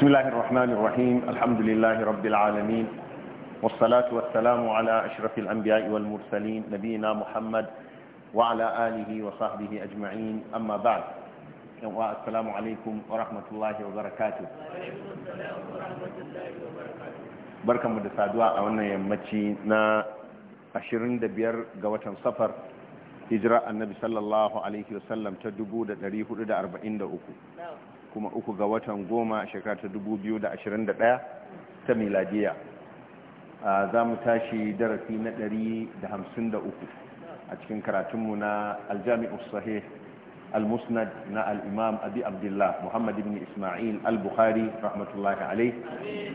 بسم الله الرحمن الرحيم الحمد لله رب العالمين والصلاة والسلام على أشرف الأنبياء والمرسلين نبينا محمد وعلى آله وصحبه أجمعين أما بعد السلام عليكم ورحمة الله وبركاته بركة مدسادوا أولنا يمتشينا أشرين دبير قوة صفر هجرة النبي صلى الله عليه وسلم تدبو دريه لدى أربعين دا أكو kuma uku ga watan goma a shekara ta da ɗaya ta miladiya za mu tashi darasi na ɗari da da hamsin uku a cikin karatunmu na aljami'ar sahih al-musnad na al’imam abi abdullah muhammad ibn ismail al-bukhari rahmatullahi alai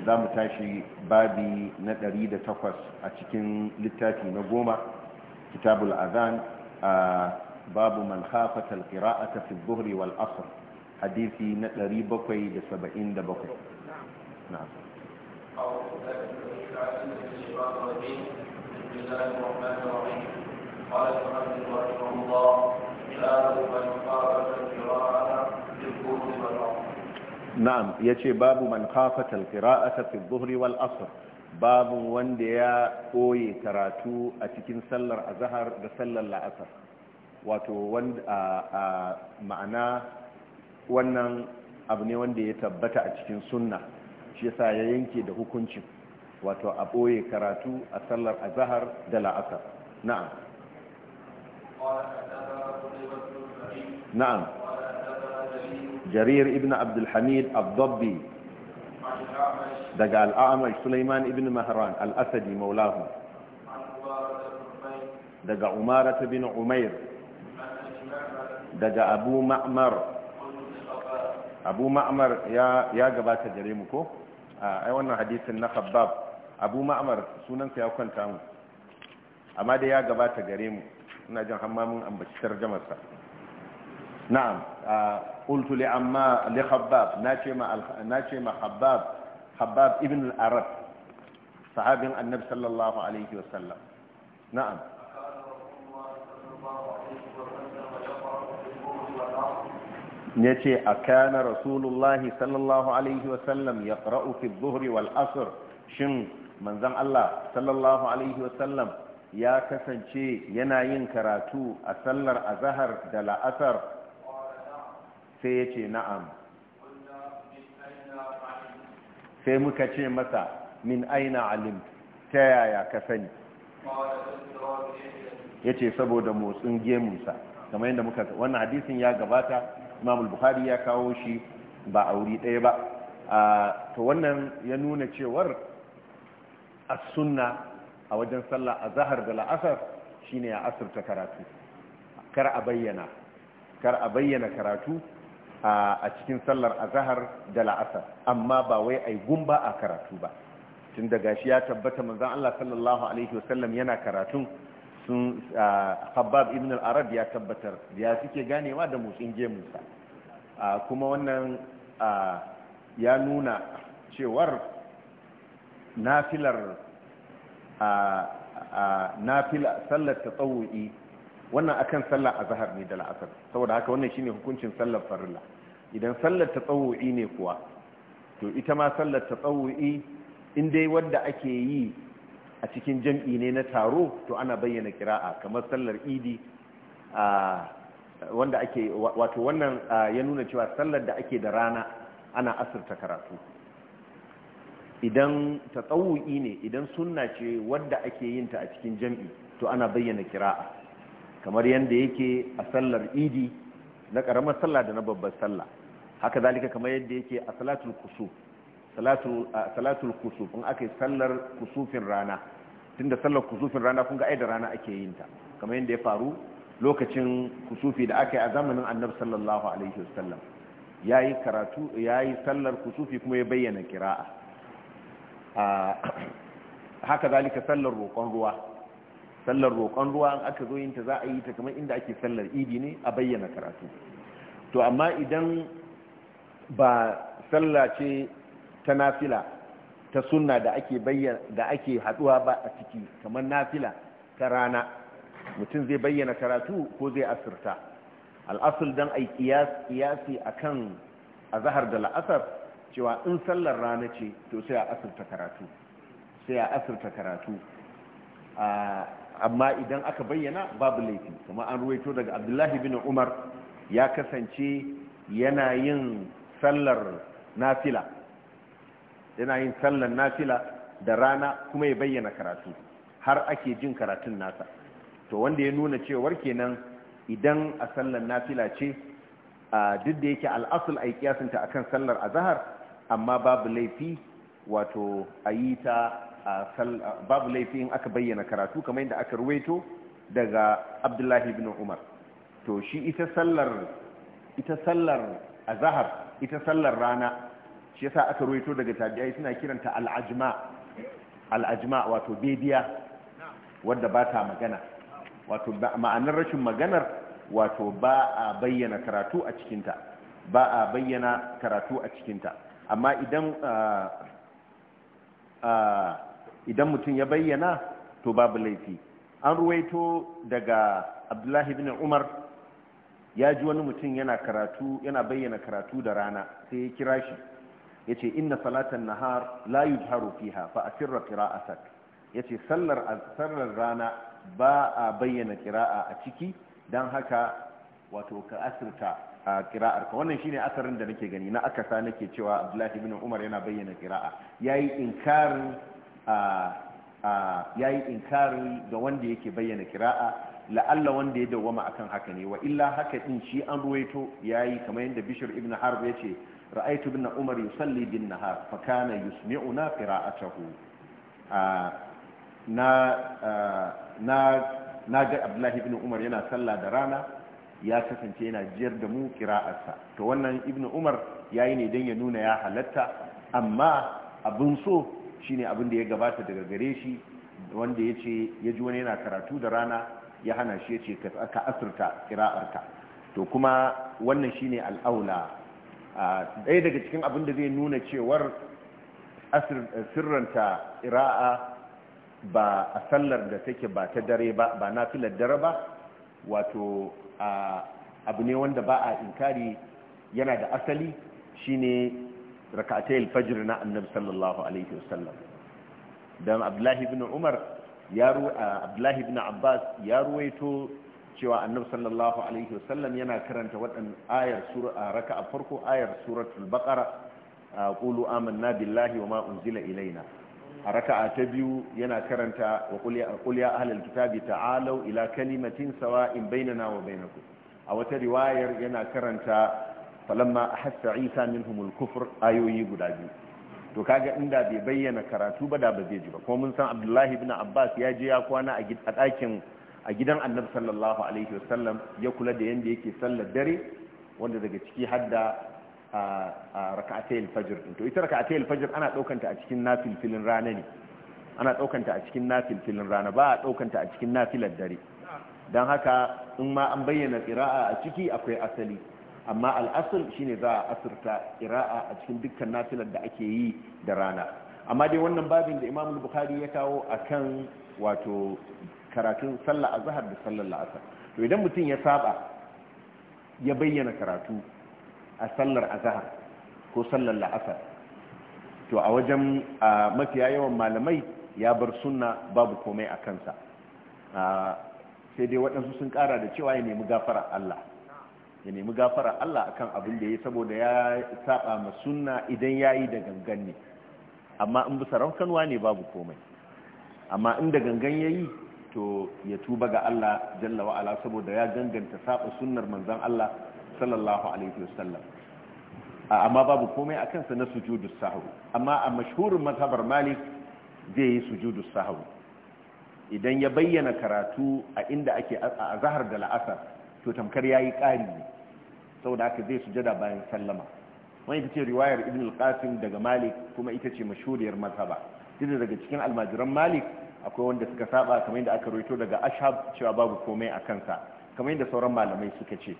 za mu tashi babi na ɗari da 108 a cikin littafi na goma kitabul azan a babu man hafata al-kira'ata fi wal asr hadisi na 777 na'am قال ابن na'am ya ce babu man kafatal qira'ata fi dhuhri wal asr babu wanda ya koye karatu a cikin sallar azahar da sallar la'asar wato wanda ma'ana wannan abu ne wanda ya tabbata a cikin sunna shi yasa ya yanke da hukuncin wato a ɓoye karatu a sallar azahar da la'asar na'am na'am jarir ibn abdulhamid abdobbi daga al'amar suleiman ibn mahran asadi maulahu daga umarata bin umair daga abu ma'mar abu ma'amar ya gabata gare mu ko a ai wannan hadisin na khabbab abu ma'amar sunansa ya kwanta mu amma dai ya gabata gare mu ina jin hammamin ambaci tarjamarsa na'am qultu li amma li khabbab nace ma nace ma khabbab khabbab ibn al-arab sahabin annabi sallallahu alaihi wasallam na'am na'am ya ce a kana rasulullahi sallallahu alaihi wasallam ya ƙara'u fi zuhri wal asr shin manzan Allah sallallahu alaihi wasallam ya kasance yana yin karatu a sallar azahar da la'asar sai ya ce na'am sai muka ce masa min aina alim ta yaya ka sani ya ce saboda motsin gemunsa kamar yadda muka wannan hadisin ya gabata imam bukhari ya kawo shi ba a wuri ɗaya ba to wannan ya nuna cewar a sunna a wajen sallah a zahar da la'asar shine a ta karatu kar a bayyana kar a bayyana karatu a cikin sallar azahar da la'asar amma ba wai ai gumba a karatu ba tun daga shi ya tabbata manzon Allah sallallahu alaihi wasallam yana karatun sun habab ibn al-arab ya tabbatar ya suke ganewa da motsin gemunsa kuma wannan ya nuna cewar nafilar nafila sallar ta tsawo'i wannan akan sallar a zahar ne da la'asar saboda haka wannan shine hukuncin sallar farilla idan sallar ta tsawo'i ne kuwa to ita ma sallar ta tsawo'i in dai wadda ake yi a cikin jam'i ne na taro to ana bayyana kira'a kamar sallar idi wanda ake wato wannan ya nuna cewa sallar da ake da rana ana asirta karatu idan tsawo'i ne idan sunna ce wadda ake yin ta a cikin jam'i to ana bayyana kira'a kamar yadda yake a sallar idi na karamar salla da na babbar salla haka zalika kamar yadda yake a salatul kusuf salatul kusuf in aka yi sallar kusufin rana da sallar kusufin rana kun ga ai rana ake yin ta kamar yadda ya faru lokacin kusufi da aka yi a zamanin annab sallallahu alaihi wasallam yi karatu ya yi sallar kusufi kuma ya bayyana kira'a haka zalika sallar roƙon ruwa sallar roƙon ruwa an aka zo yin ta za a yi ta kamar inda ake sallar idi ne a bayyana karatu to amma idan ba salla ce ta nafila ta sunna da ake bayyana da ake haduwa ba a ciki kamar nafila ta rana mutum zai bayyana karatu ko zai asirta al'asul dan ai qiyas kiyasi akan azhar da la'asar cewa in sallar rana ce to sai a asirta karatu sai a asirta karatu amma idan aka bayyana babu laifi kuma an ruwaito daga abdullahi bin umar ya kasance yana yin sallar nafila yana yin sallan nafila da rana kuma ya bayyana karatu har ake jin karatun nasa to wanda ya nuna cewar kenan idan a sallan nafila ce duk da yake al'asul a yi kiyasinta kan sallar azahar amma babu laifi wato a yi ta babu laifi in aka bayyana karatu kamar yadda aka ruwaito daga abdullahi ibn umar to shi ita sallar ita sallar azahar ita sallar rana shi yasa aka ruwaito daga tabi'ai suna kiranta al'ajma al'ajma wato bediya wadda ba ta magana wato ma'anar rashin maganar wato ba a bayyana karatu a cikinta ba a bayyana karatu a cikinta amma idan idan mutum ya bayyana to babu laifi an ruwaito daga abdullahi bin umar ya ji wani mutum yana karatu yana bayyana karatu da rana sai ya kira shi yace inna salatan nahar la yujharu fiha fa asirra qira'atak yace sallar asrar rana ba a bayyana qira'a a ciki dan haka wato ka asirta a qira'ar ka wannan shine asarin da nake gani na akasa nake cewa Abdullahi ibn Umar yana bayyana qira'a yayi inkarin a yayi ga wanda yake bayyana qira'a la'alla wanda ya dawwama akan haka ne wa illa haka din shi an ruwaito yayi kamar yadda Bishr ibn Harb yace رأيت ابن umar يصلي بالنهار فكان يسمعنا قراءته نا نا na na na ga abdullahi ibn umar yana sallah da rana ya kasance yana jiyar da mu kira'arsa to wannan ibn umar ya yi ne dan ya nuna ya halatta amma abin so shine abin da ya gabata daga gare shi wanda ya ce ya ji wani yana karatu da rana ya hana shi ya ce ka asirta kira'arka to kuma wannan shine al'aula ɗaya daga cikin abin da zai nuna cewar sirranta ira'a ba a sallar da take ba ta dare ba ba na filar dare ba wato abu ne wanda ba a inkari yana da asali shine rak'atai alfajir na annabi sallallahu alaihi wasallam don abdullahi ibn umar ya abdullahi ibn abbas ya ruwaito cewa annabi sallallahu alaihi wasallam yana karanta waɗannan ayar sura raka a farko ayar suratul baqara qulu amanna billahi wa ma unzila ilaina a ta biyu yana karanta wa qul ya ahlal kitabi ta'alu ila kalimatin sawa'in bainana wa bainakum a wata riwayar yana karanta falamma hatta isa minhumul kufr ayoyi guda biyu to kaga inda bai bayyana karatu ba da ba zai ji ba ko mun san abdullahi ibn abbas ya je ya kwana a ɗakin a gidan annabi sallallahu alaihi wasallam ya kula da yanda yake sallar dare wanda daga ciki hadda a raka'atai alfajr to ita raka'atai fajar ana ta a cikin nafilfilin rana ne ana ɗaukanta a cikin nafilfilin rana ba a ta a cikin nafilar dare dan haka in ma an bayyana qira'a a ciki akwai asali amma al al-asl shine za a asirta qira'a a cikin dukkan nafilar da ake yi da rana amma dai wannan babin da imamul bukhari ya kawo akan wato karatun sallah a zahar da sallar la'asar to idan mutum ya saba ya bayyana karatu a sallar a ko sallar la'asar to a wajen mafiya yawan malamai ya bar sunna babu komai a kansa sai dai waɗansu sun ƙara da cewa ya nemi gafara Allah ya nemi gafara Allah akan abin da ya saboda ya saba ma sunna idan ya yi da gangan ne amma in bisa raukanwa ne babu komai amma inda gangan ya yi to ya tuba ga Allah jalla wa ala saboda ya ganganta saba sunnar manzon Allah sallallahu alaihi wasallam amma babu komai akan sa na sujudu sahwi amma a mashhurin mazhabar Malik zai yi sujudu sahwi idan ya bayyana karatu a inda ake a zahar da la'asar to tamkar yayi ƙari ne saboda haka zai sujada bayan sallama wani ita ce riwayar ibn al-qasim daga malik kuma ita ce mashhuriyar mazhaba duk daga cikin almajiran malik akwai wanda suka saba kamar yadda aka roito daga ashab cewa babu komai a kansa kamar yadda sauran malamai suka ce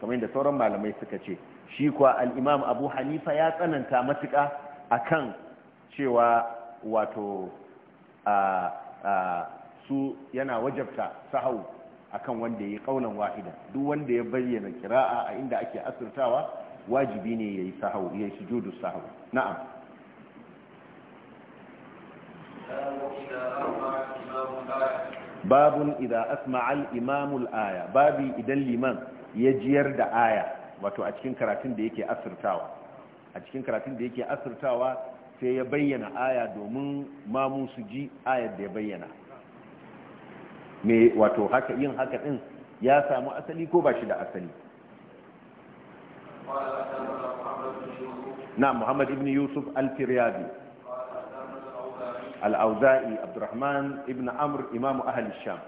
kamar yadda sauran malamai suka ce shi kuwa al abu hanifa ya tsananta matuƙa akan cewa wato a su yana wajabta sahau akan wanda ya ƙaunan wahida duk wanda ya bayyana kira'a a inda ake asirtawa wajibi ne yayi sahau su sujudu sahau na'am babun idan asma'al imamul aya babi idan liman ya jiyar da aya wato a cikin karatun da yake asirtawa a cikin karatun da yake asirtawa sai ya bayyana aya domin mamu su ji ayar da ya bayyana me wato haka yin haka din ya samu asali ko ba shi da asali na muhammad ibn yusuf al-firyadi al abdurrahman ibn amr imamu ahli sham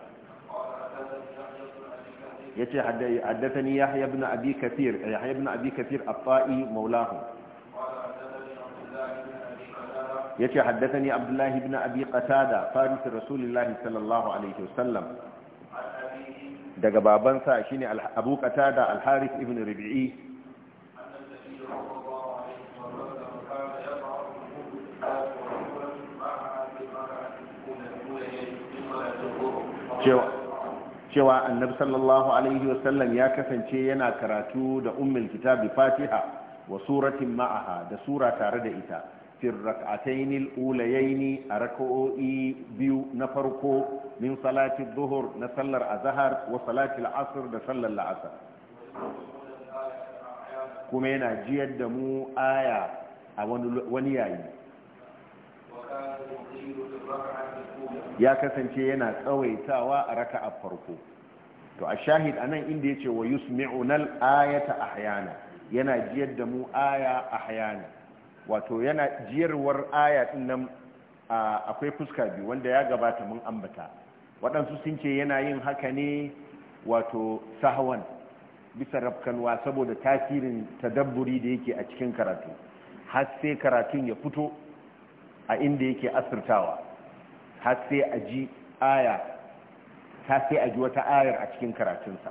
ya haddathani yahya ibn abi kathir eh, yahya ibn abi kathir at-ta'i maulahu yace haddathani Abdullahi ibn abi qatada faris rasulullahi sallallahu alaihi wasallam daga babansa shine abu qatada al-harith ibn rabi'i cewa annabi sallallahu alaihi wasallam ya kasance yana karatu da ummul kitabi fatiha wa suratin ma'aha da sura tare da ita fi rak'atayn al-ulayayn a rak'o'i biyu na farko min salati zuhur na sallar azhar wa salati al-asr da sallar al-asr kuma yana jiyar da mu aya a wani yayi ya kasance yana tsawaitawa a raka a farko to a shahid nan inda yace wa yusmi'unal ayata ahyana yana jiyar da mu aya ahyana wato yana jiyarwar aya din nan akwai fuska biyu wanda ya gabata mun ambata waɗansu sun ce yana yin haka ne wato sahawan bisa rafkanwa saboda tasirin tadabburi da yake a cikin karatu har sai karatun ya fito a inda yake asirtawa har sai a ji aya ta sai a ji wata ayar a cikin karatunsa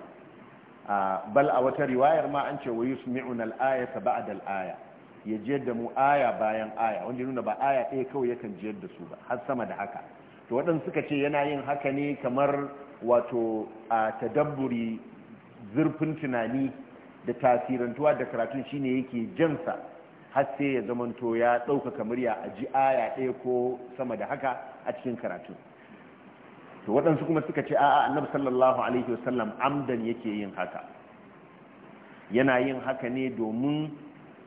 bal a wata riwayar ma an ce wa yusmi'una al-ayata ba'da al-aya ya jiyar da mu aya bayan aya wanda nuna ba aya ɗaya kawai yakan jiyar da su ba har sama da haka to waɗansu suka ce yana yin haka ne kamar wato a tadabburi zurfin tunani da tasirantuwa da karatun shine yake jansa har sai ya zamanto ya ɗaukaka murya a aji aya ɗaya ko sama da haka a cikin karatu to waɗansu kuma suka ce a'a annabi sallallahu alaihi wasallam amdan yake yin haka yana yin haka ne domin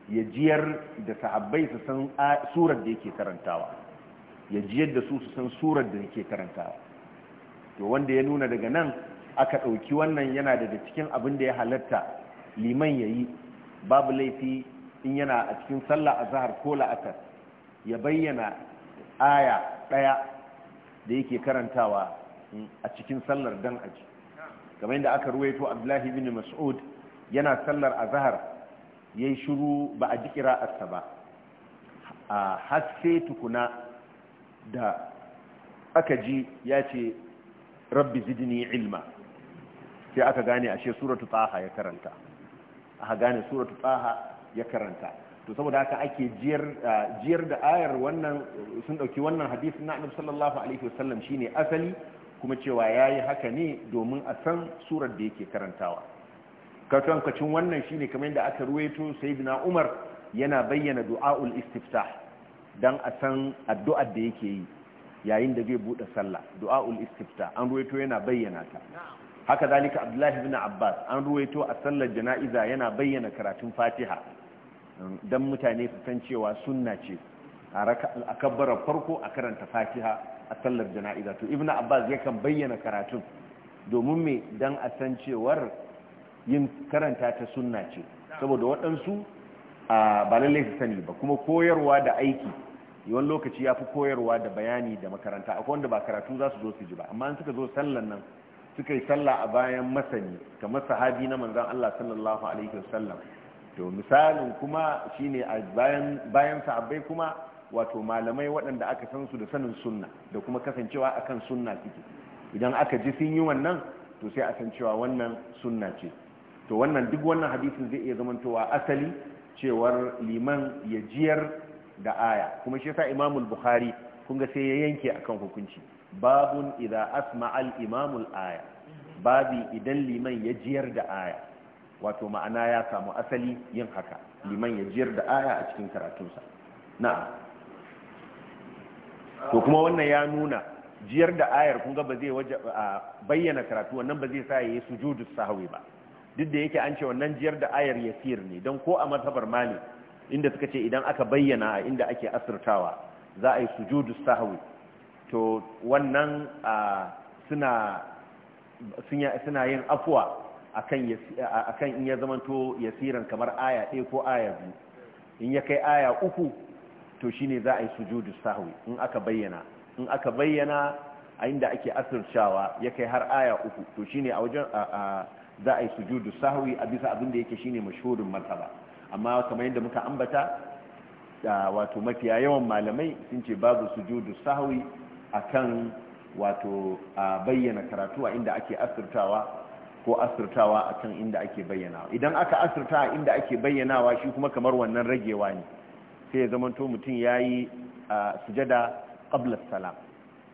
ya jiyar da sahabbai su san surar da yake karantawa ya jiyar da su su san surar da yake karantawa to wanda ya nuna daga nan aka ɗauki wannan yana daga cikin abin da ya halatta liman ya yi babu laifi in yana a cikin sallah a zahar ko la'asar ya bayyana aya ɗaya da yake karantawa a cikin sallar dan aji kamar yadda aka ruwaito Abdullahi ibn Mas'ud yana sallar a zahar ya yi shuru ba a ji a ba a hasse tukuna da aka ji ya ce rabbi zidini ilma sai aka gane ashe suratu taha ya karanta aka gane suratu taha ya karanta to saboda haka ake jiyar da ayar wannan sun dauki wannan hadisin na annabi sallallahu alaihi wasallam shine asali kuma cewa yayi haka ne domin a san surar da yake karantawa kacin wannan shine kamar yadda aka ruwaito sayyidina Umar yana bayyana du'aul istiftah dan a san addu'ar da yake yi yayin da zai bude sallah du'aul istiftah an ruwaito yana bayyana ta haka zalika Abdullahi ibn Abbas an ruwaito a sallar jana'iza yana bayyana karatun Fatiha don mutane su san cewa sunna ce a kabbarar farko a karanta fatiha a sallar jana'iza to ibnu abbas yakan bayyana karatun domin me dan a san cewar yin karanta ta sunna ce saboda waɗansu ba lallai su sani ba kuma koyarwa da aiki yawan lokaci ya fi koyarwa da bayani da makaranta akwai wanda ba karatu za su zo su ji ba amma suka zo sallan nan suka yi sallah a bayan masani kamar sahabi na manzon Allah sallallahu alaihi wasallam to misalin kuma shine a bayan bayan sahabbai kuma wato malamai waɗanda aka san su da sanin sunna da kuma kasancewa akan sunna suke idan aka ji sun yi wannan to sai a san cewa wannan sunna ce to wannan duk wannan hadisin zai iya zamantowa asali cewar liman ya jiyar da aya kuma shi yasa imamul bukhari kun ga sai ya yanke akan hukunci babun idza asma al imamul aya babi idan liman ya jiyar da aya wato ma'ana ya samu asali yin haka liman ya jiyar da aya a cikin karatunsa na'am to kuma wannan ya nuna jiyar da ayar kun ga ba zai bayyana karatu wannan ba zai sa ya yi sujudu sahawi ba duk da yake an ce wannan jiyar da ayar yasir ne don ko a mazhabar mali inda suka ce idan aka bayyana a inda ake asirtawa za a yi sujudu sahawi to wannan suna yin afuwa akan in ya zamanto yasiran kamar aya ɗaya ko aya biyu in ya kai aya uku to shine za a yi sujudu sahwi in aka bayyana in aka bayyana a inda ake asircawa ya kai har aya uku to shine a wajen za a yi sujudu sahwi a bisa abin da yake shine mashhurin martaba amma kamar yadda muka ambata wato mafiya yawan malamai sun ce babu sujudu sahwi akan wato bayyana karatu a inda ake asirtawa ko asirtawa a kan inda ake bayyanawa idan aka asirta a inda ake bayyanawa shi kuma kamar wannan ragewa ne sai ya zamanto mutum ya yi sujada ƙablar salam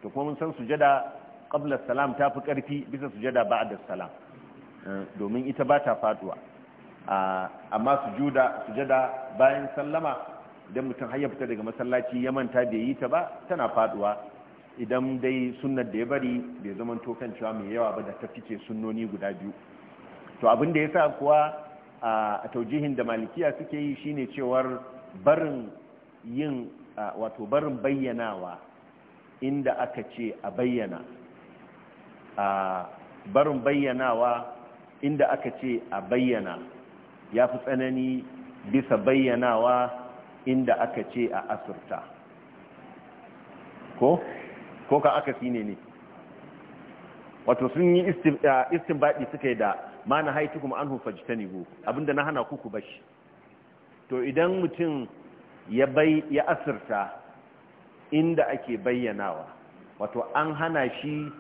to kuma mun san sujada ƙablar salam ta fi ƙarfi bisa sujada ba da salam eh, domin ita ba ta faduwa amma sujada bayan sallama idan mutum har fita daga masallaci ya manta bai yi ta ba tana faduwa idan dai sunnar da ya bari bai zaman tokan cewa mai yawa ba da ta fice sunnoni guda biyu to abin da ya sa kuwa a taujihin da malikiya suke yi shine cewar barin yin wato barin bayyanawa inda aka ce a bayyana barin bayyanawa inda aka ce a bayyana ya fi tsanani bisa bayyanawa inda aka ce a asirta ko ko ka aka ne ne wato sun yi istin baɗi suka yi da ma na haiti kuma an hufaji ta nigo abinda na hana kuku bashi to idan mutum ya bai ya asirta inda ake bayyanawa wato an hana shi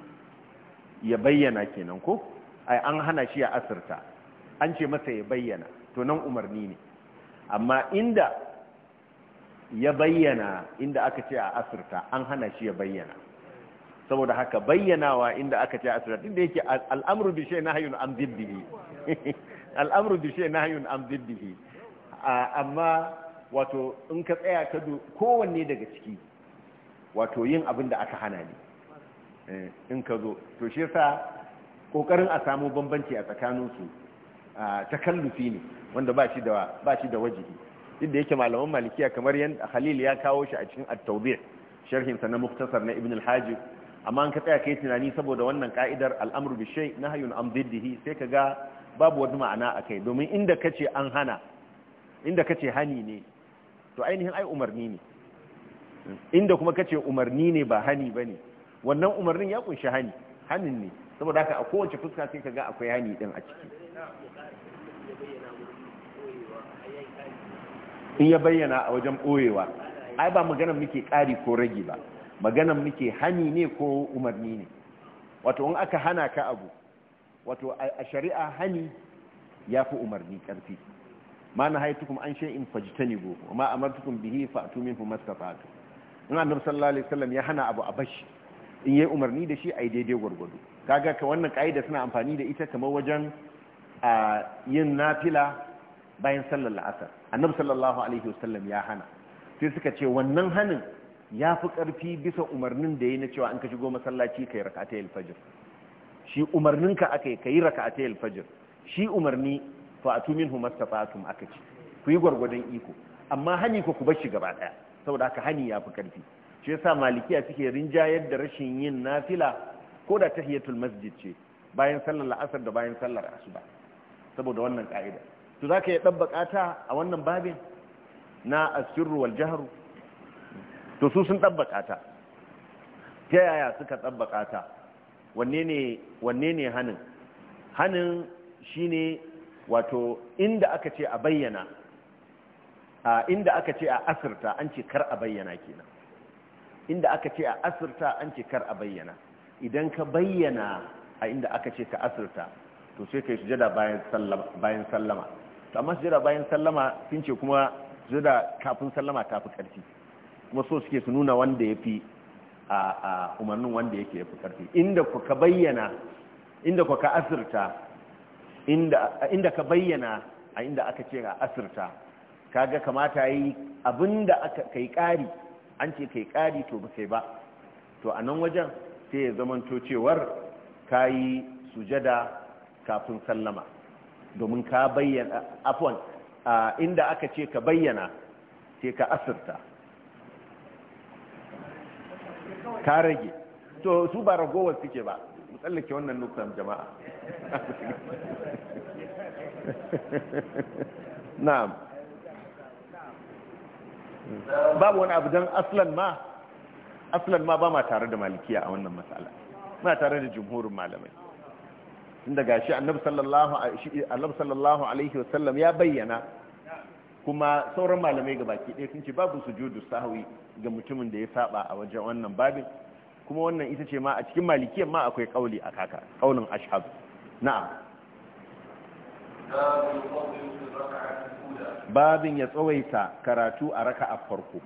ya bayyana kenan ko ai an hana shi ya asirta an ce masa ya bayyana to nan umarni ne amma inda ya bayyana inda aka ce a asirta an hana shi ya bayyana saboda haka bayyanawa inda aka ce asirat inda yake al'amru bi shay nahyun an diddihi al'amru bi shay nahyun an diddihi amma wato in ka tsaya ka du kowanne daga ciki wato yin abin da aka hana ne eh, in ka zo to shi yasa kokarin a samu bambanci a tsakanin su kallufi ne wanda ba shi da ba shi da wajibi duk yake malaman malikiya kamar yan Khalil ya kawo shi a cikin at-tawdih sharhin sa na muktasar na Ibn al-Hajib amma an ka tsaya kai tunani saboda wannan ka'idar al'amru bi shay nahyun an diddihi sai ka ga babu wani ma'ana akai domin inda kace an hana inda kace hani ne to ainihin ai umarni ne inda kuma kace umarni ne ba hani bane wannan umarnin ya kunshi hani hanin ne saboda haka a kowace fuska sai ka ga akwai hani din a ciki in ya bayyana a wajen boyewa ai ba magana muke ƙari ko rage ba maganan muke hani ne ko umarni ne wato in aka hana ka abu wato a shari'a hani ya fi umarni ƙarfi ma na kuma an in shay'in fajtanibu ma martukun bihi fa'tu minhu mastata'tu in annabi sallallahu alaihi sallam ya hana abu a bashi in yi umarni da shi yi daidai gwargwado kaga ka wannan kaida suna amfani da ita kamar wajen yin nafila bayan sallar la'asar annabi sallallahu alaihi wasallam ya hana sai suka ce wannan hanin ya fi ƙarfi bisa umarnin da ya yi na cewa an ka shigo masallaci ka yi yi alfajir shi umarninka aka yi ka yi alfajir shi umarni fa'atu minhu mastata'tum aka ce ku yi gwargwadon iko amma hani ko ku bar shi gaba ɗaya saboda haka hani ya fi ƙarfi shi yasa malikiya suke rinjayar da rashin yin nafila ko da tahiyatul masjid ce bayan sallar la'asar da bayan sallar asuba saboda wannan ka'ida to za ka yi dabbaka ta a wannan babin na asirru wal jaharu to su sun tabbata ta ta yaya suka tabbata ta wanne ne hannun hannun shi ne wato inda aka ce a bayyana inda aka ce a asirta an ce kar a bayyana kenan inda aka ce a asirta an ce kar a bayyana idan ka bayyana a inda aka ce ka asirta to sai ka yi sujada bayan sallama to amma sujada bayan sallama sun ce kuma sujada kafin sallama ta fi ƙarfi kuma so suke su nuna wanda ya fi a umarnin wanda yake ya fi karfi inda ka bayyana inda ka asirta inda ka bayyana a inda aka ce a asirta kaga kamata yi abinda aka kai ƙari an ce kai kari to ba kai ba to a nan wajen sai ya to cewar ka yi sujada kafin sallama domin ka bayyana afon inda aka ce ka bayyana sai ka asirta ta rage to su ba ragowar suke ba mu tsallake wannan nuktan jama'a na'am babu wani abu don aslan ma aslan ma ba ma tare da malikiya a wannan matsala ma tare da jumhurin malamai inda gashi shi annabi sallallahu alaihi wasallam ya bayyana kuma sauran malamai ga baki ɗaya sun ce babu sujudu sahwi ga mutumin da ya saba a wajen wannan babin kuma wannan ita ce ma a cikin malikiyar ma akwai kauli a kaka kaulin ashab na'am babin ya tsawaita karatu a raka a farko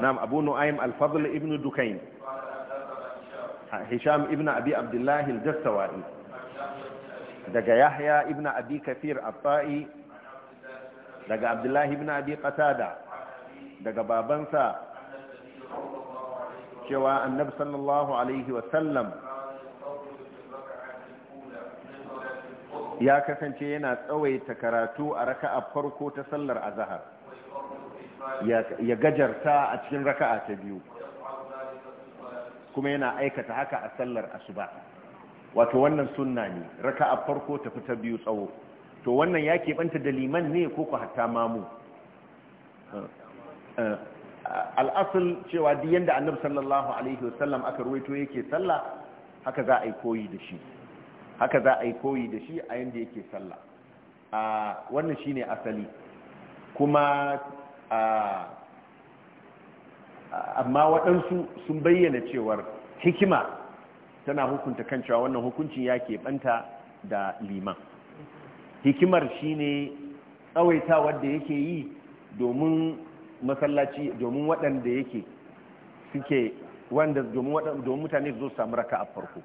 na'am abu nu'aym al-fadl ibn dukayn hisham ibn abi abdullah al daga yahya ibn abi kafir daga abdullahi ibn abi qatada daga babansa cewa annabi sallallahu alaihi wasallam ya kasance yana tsawaita karatu a raka'a farko ta sallar azhar ya gajarta a cikin raka'a ta biyu kuma yana aikata haka a sallar asuba wato wannan sunna ne a farko ta fita biyu tsawo to wannan ya keɓanta da liman ne ko ku hatta mamu eh, eh, al'asul cewa duk yanda annabi sallallahu alaihi wasallam aka ruwaito yake sallah haka za a yi koyi da shi haka za a yi koyi da shi a yadda yake sallah Wannan wannan shine asali kuma amma waɗansu sun bayyana cewar hikima tana hukunta kan cewa wannan hukuncin ya ke keɓanta da liman hikimar shine tsawaita da yake yi domin masallaci domin waɗanda yake suke wanda domin mutane zo samu raka a farko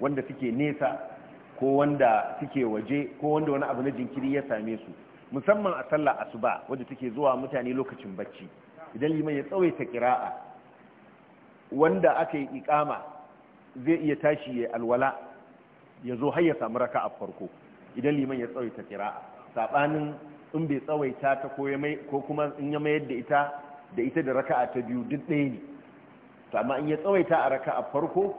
wanda suke nesa ko wanda suke waje ko wanda wani abu na jinkiri ya same su musamman a sallah asuba wadda take zuwa mutane lokacin bacci idan liman ya tsawaita kira'a wanda aka yi ikama zai iya tashi ya alwala ya zo har ya samu raka a farko idan liman ya tsawaita kira'a saɓanin in bai tsawaita ta ko kuma in ya mayar da ita da ita da raka'a ta biyu duk ɗaya ne to amma in ya tsawaita a raka'a farko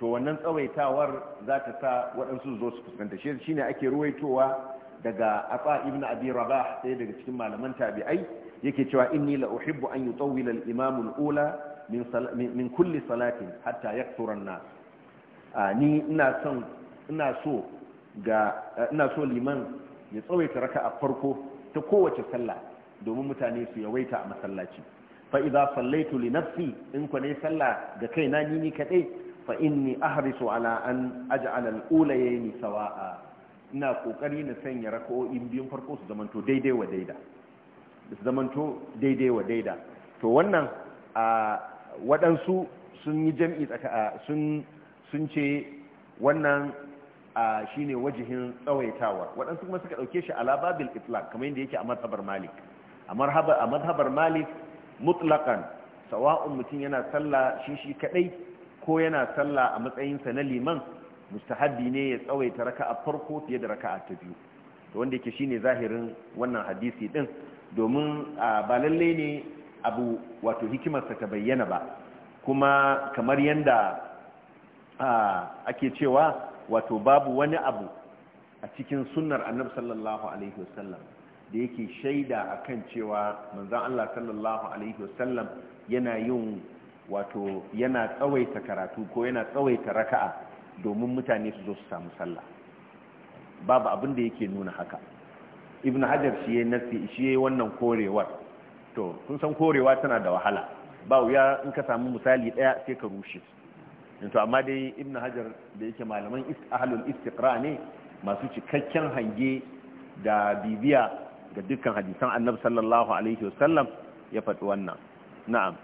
to wannan tsawaitawar za ta sa waɗansu zo su fuskanta shi shine ake ruwaitowa daga a ibn abi rabah ɗaya daga cikin malaman tabi'ai yake cewa inni la uhibbu an yutawwila al-imam al-ula min kulli salatin hatta yaksuran nas ni ina so liman ya tsawaita a farko ta kowace sallah domin mutane su yawaita a masallaci fa idza sallaitu li nafsi in ku ne sallah ga kaina ni ni kadai fa inni ahrisu ala an aj'ala al-ulayni sawa'a ina kokari na sanya raka'o'in biyun farko su zamanto daidai wa daida su daidai wa daida to wannan waɗansu sun yi jam'i sun ce wannan shi ne wajihin tsawaitawa waɗansu kuma suka ɗauke shi alababil itlaq kamar yadda yake a mazhabar malik a mazhabar malik mutlaƙan sawa'un mutum yana sallah shi shi kaɗai ko yana sallah a matsayinsa na liman mustahabi ne ya tsawaita raka a farko fiye da raka'a ta biyu to wanda yake shi ne zahirin wannan hadisi din domin ba lallai ne abu wato hikimarsa ta bayyana ba kuma kamar yadda ake cewa wato babu wani abu a cikin sunnar annabi sallallahu alaihi wasallam da yake shaida akan cewa manzon Allah sallallahu alaihi wasallam yana yin wato yana tsawaita karatu ko yana tsawaita raka'a domin mutane su zo su samu sallah babu abin da yake nuna haka ibn hajar shi ya nasi wannan korewar to kun san korewa tana da wahala ba wuya in ka samu misali daya sai ka rushe to amma dai ibnu hajar da yake malaman ahlul istiqra ne masu cikakken hange da bibiya ga dukkan hadisan annabi sallallahu alaihi wasallam ya faɗi wannan na'am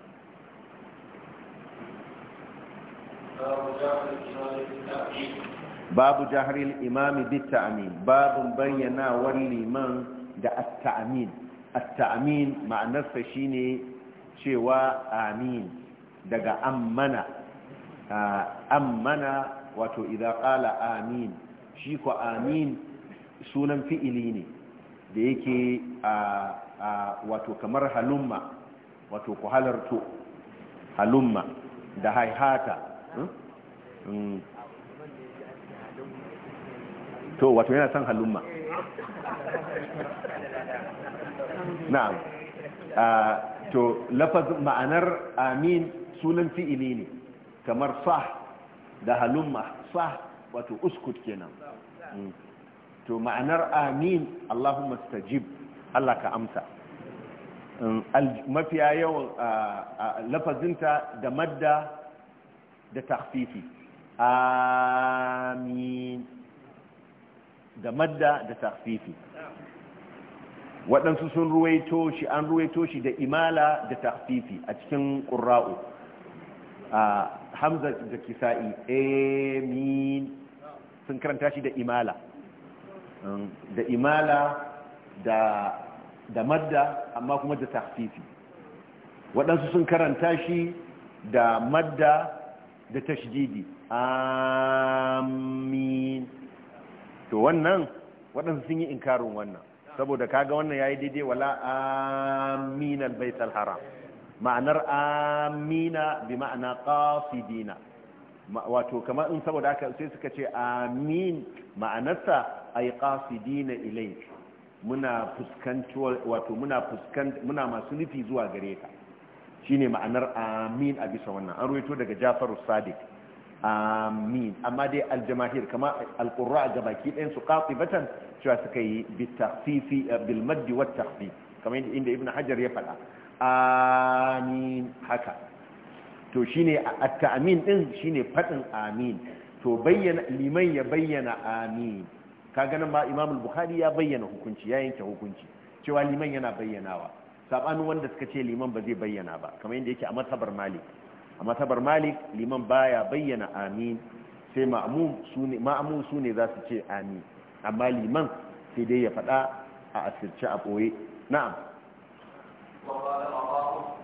babu jahril imami bit ta'min babun bayyanawar liman da at-ta'min at-ta'min ma'anarsa shine cewa amin daga ammana ammana wato idza qala amin shi ko amin sunan fi'ili ne da yake wato kamar halumma wato ku halumma da haihata to wato yana son halumma na'am ah, to lafaz ma'anar amin sunan fi'ili ne kamar sah da halumma sah wato uskut kenan hmm. to ma'anar amin allahumma stajib allah ka amsa hmm, mafiya yawan ah, ah, lafazinta da madda da takfifi amin da madda da takfifi waɗansu sun ruwaito shi an ruwaito shi da imala da takfifi a cikin ƙura'u a hamza da kisa'i amin sun karanta shi da imala mm, da imala da madda amma kuma da takfifi waɗansu sun karanta shi da madda da tashdidi amin to wannan waɗansu sun yi inkarin wannan saboda kaga wannan ya yi daidai wala amina baital haram ma'anar amina bi ma'ana dina. wato kamar in saboda aka sai suka ce amin ma'anarsa ay qasidina ilai muna wato muna muna masu nufi zuwa gare ka shine ma'anar amin a bisa wannan an ruwaito daga Jafaru Sadiq amin amma dai aljamahir kama alqurra ga baki ɗin su qatibatan cewa suka yi bi tahfifi eh, bil wa kamar inda ibnu hajar ya faɗa amin haka to shine at-ta'min din shine fadin amin to bayyana liman ya bayyana amin kaga nan ma imam bukhari ya bayyana hukunci ya yanke hukunci cewa liman yana bayyanawa sabanin wanda suka ce liman ba zai bayyana ba kamar inda yake a matsabar malik a matabar malik liman baya bayyana amin sai ma'amun su ne za su ce amin amma liman sai dai ya fada a asirce a ɓoye na'am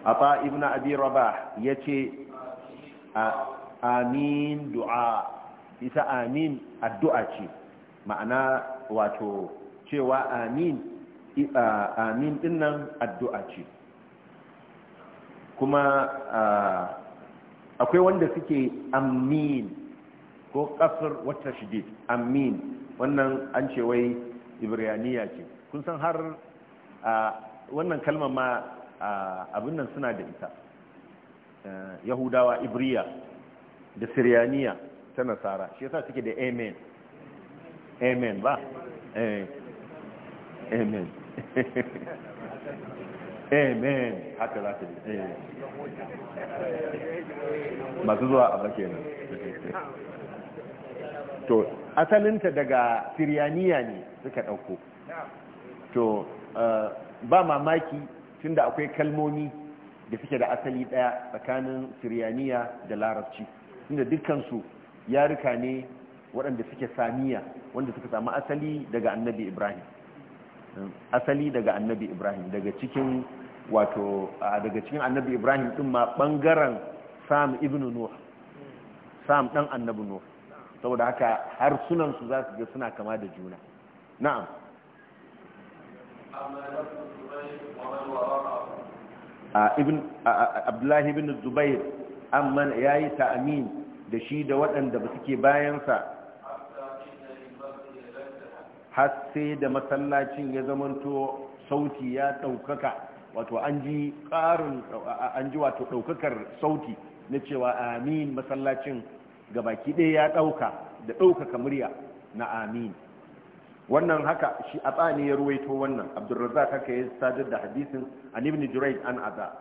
a ibn abi rabah ya ce amin du'a ita amin addu'a ce ma'ana wato cewa amin amin dinnan addu'a ce kuma akwai wanda suke amin ko kasar wata shidid amin wannan an ce wai ibraniya ce kun san har wannan kalmar ma abin nan suna da ita yahudawa ibriya da siriyaniya ta nasara shi yasa suke da amen amen ba eh. amen amen haka za ta masu zuwa a bake nan to asalinta daga siriyaniya ne suka ɗauko to eh, ba mamaki tun da akwai kalmomi da suke da asali ɗaya tsakanin siriyaniya da larabci tunda dukkansu yarika ne waɗanda suke samiya wanda suka samu asali daga annabi ibrahim asali daga annabi ibrahim daga cikin wato daga cikin annabi ibrahim din ma bangaren sam ibn nuh sam dan annabi nuh saboda haka har sunan su za ga suna kama da juna na'am ibn abdullahi ibn zubair amma yayi tamin da shi da waɗanda ba suke bayansa har sai da masallacin ya zamanto sauti ya ɗaukaka wato an ji ƙarin an ji wato ɗaukakar sauti na cewa amin masallacin gabaki ɗaya ya ɗauka da ɗaukaka murya na amin wannan haka shi a tsani ya ruwaito wannan abdulrazak haka ya sadar da hadisin an ibn jurayd an aza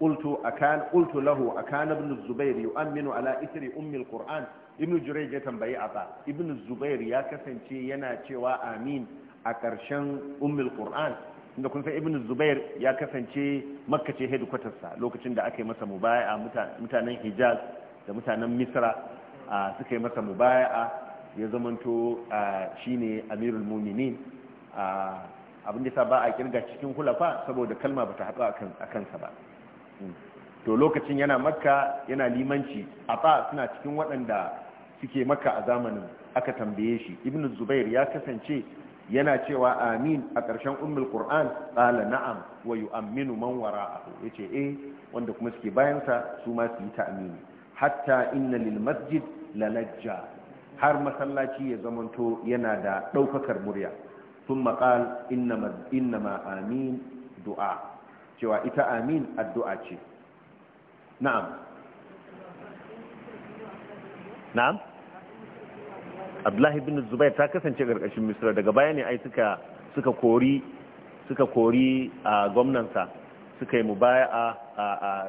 qultu akan qultu lahu akan ibn zubair yu'minu ala isri ummi alquran ibn jurayd ya tambayi aza ibn zubair ya kasance yana cewa amin a ƙarshen ummi Qur'an. inda kun san ibn zubair ya kasance makka ce sa lokacin da aka yi masa mubaya'a mutanen hijaz da mutanen misra suka yi masa mubaya'a ya zamanto shine amirul muminin abin da ba a kirga cikin hulafa saboda kalma bata haɗu a kansa ba mm. to lokacin yana makka yana limanci a ba suna cikin waɗanda suke makka a zamanin aka tambaye shi ibn zubair ya kasance yana cewa amin a ƙarshen ummul qur'an qala na'am wa yu'minu man wara'ahu yace eh wanda kuma suke bayan sa su ma su yi ta'mini hatta inna lil masjid lalajja har masallaci ya zamanto yana da ɗaukakar murya thumma qala innama ma amin du'a cewa ita amin addu'a ce na'am abdullahi bin zubair ta kasance karkashin misra daga baya ne ai suka suka kori suka kori a gwamnansa suka yi a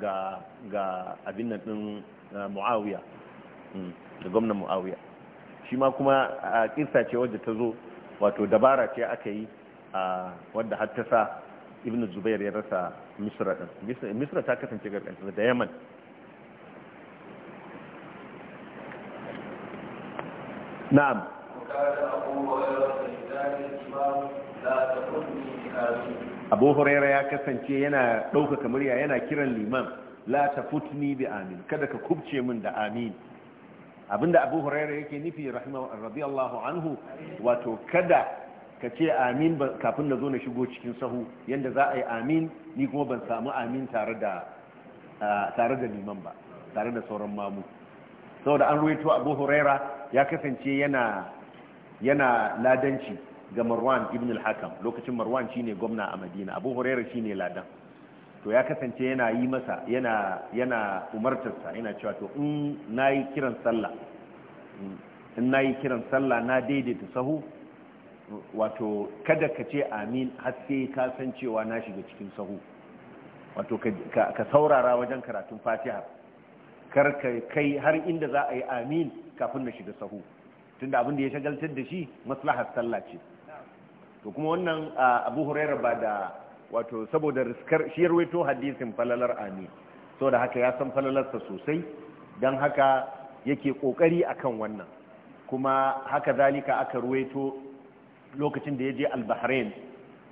ga ga abin nan din muawiya da hmm, gwamnan muawiya shi ma kuma a kirsa ce wadda ta zo wato dabara ce aka yi wadda har ta sa ibn zubair ya rasa misra din misra ta kasance karkashin da yaman na'am abu hurera ya kasance yana ɗaukaka murya yana kiran liman la ta futni bi amin kada ka kubce min da amin abinda abu hurera yake nufi radiyallahu anhu wato kada ka ce amin kafin na zo na shigo cikin sahu yadda za a yi amin ni kuma ban samu amin tare da liman ba tare da sauran mamu saboda an ruwaito abu huraira ya kasance yana yana ladanci ga marwan ibn al-hakam lokacin marwan shine gwamna a madina abu huraira shine ladan to ya kasance yana yi masa yana yana umartarsa yana cewa to in nayi kiran sallah in nayi kiran sallah na daidaita sahu wato kada ka ce amin har sai ka san cewa na shiga cikin sahu wato ka saurara wajen karatun fatiha kar ka kai har inda za a yi amin kafin na shiga sahu tunda abin da ya shagaltar da shi maslahar sallah ce to kuma wannan abu huraira ba da wato saboda riskar shi yarwaito hadisin falalar ami da haka ya san falalarsa sosai don haka yake kokari akan wannan kuma haka zalika aka ruwaito lokacin da ya je al-bahrain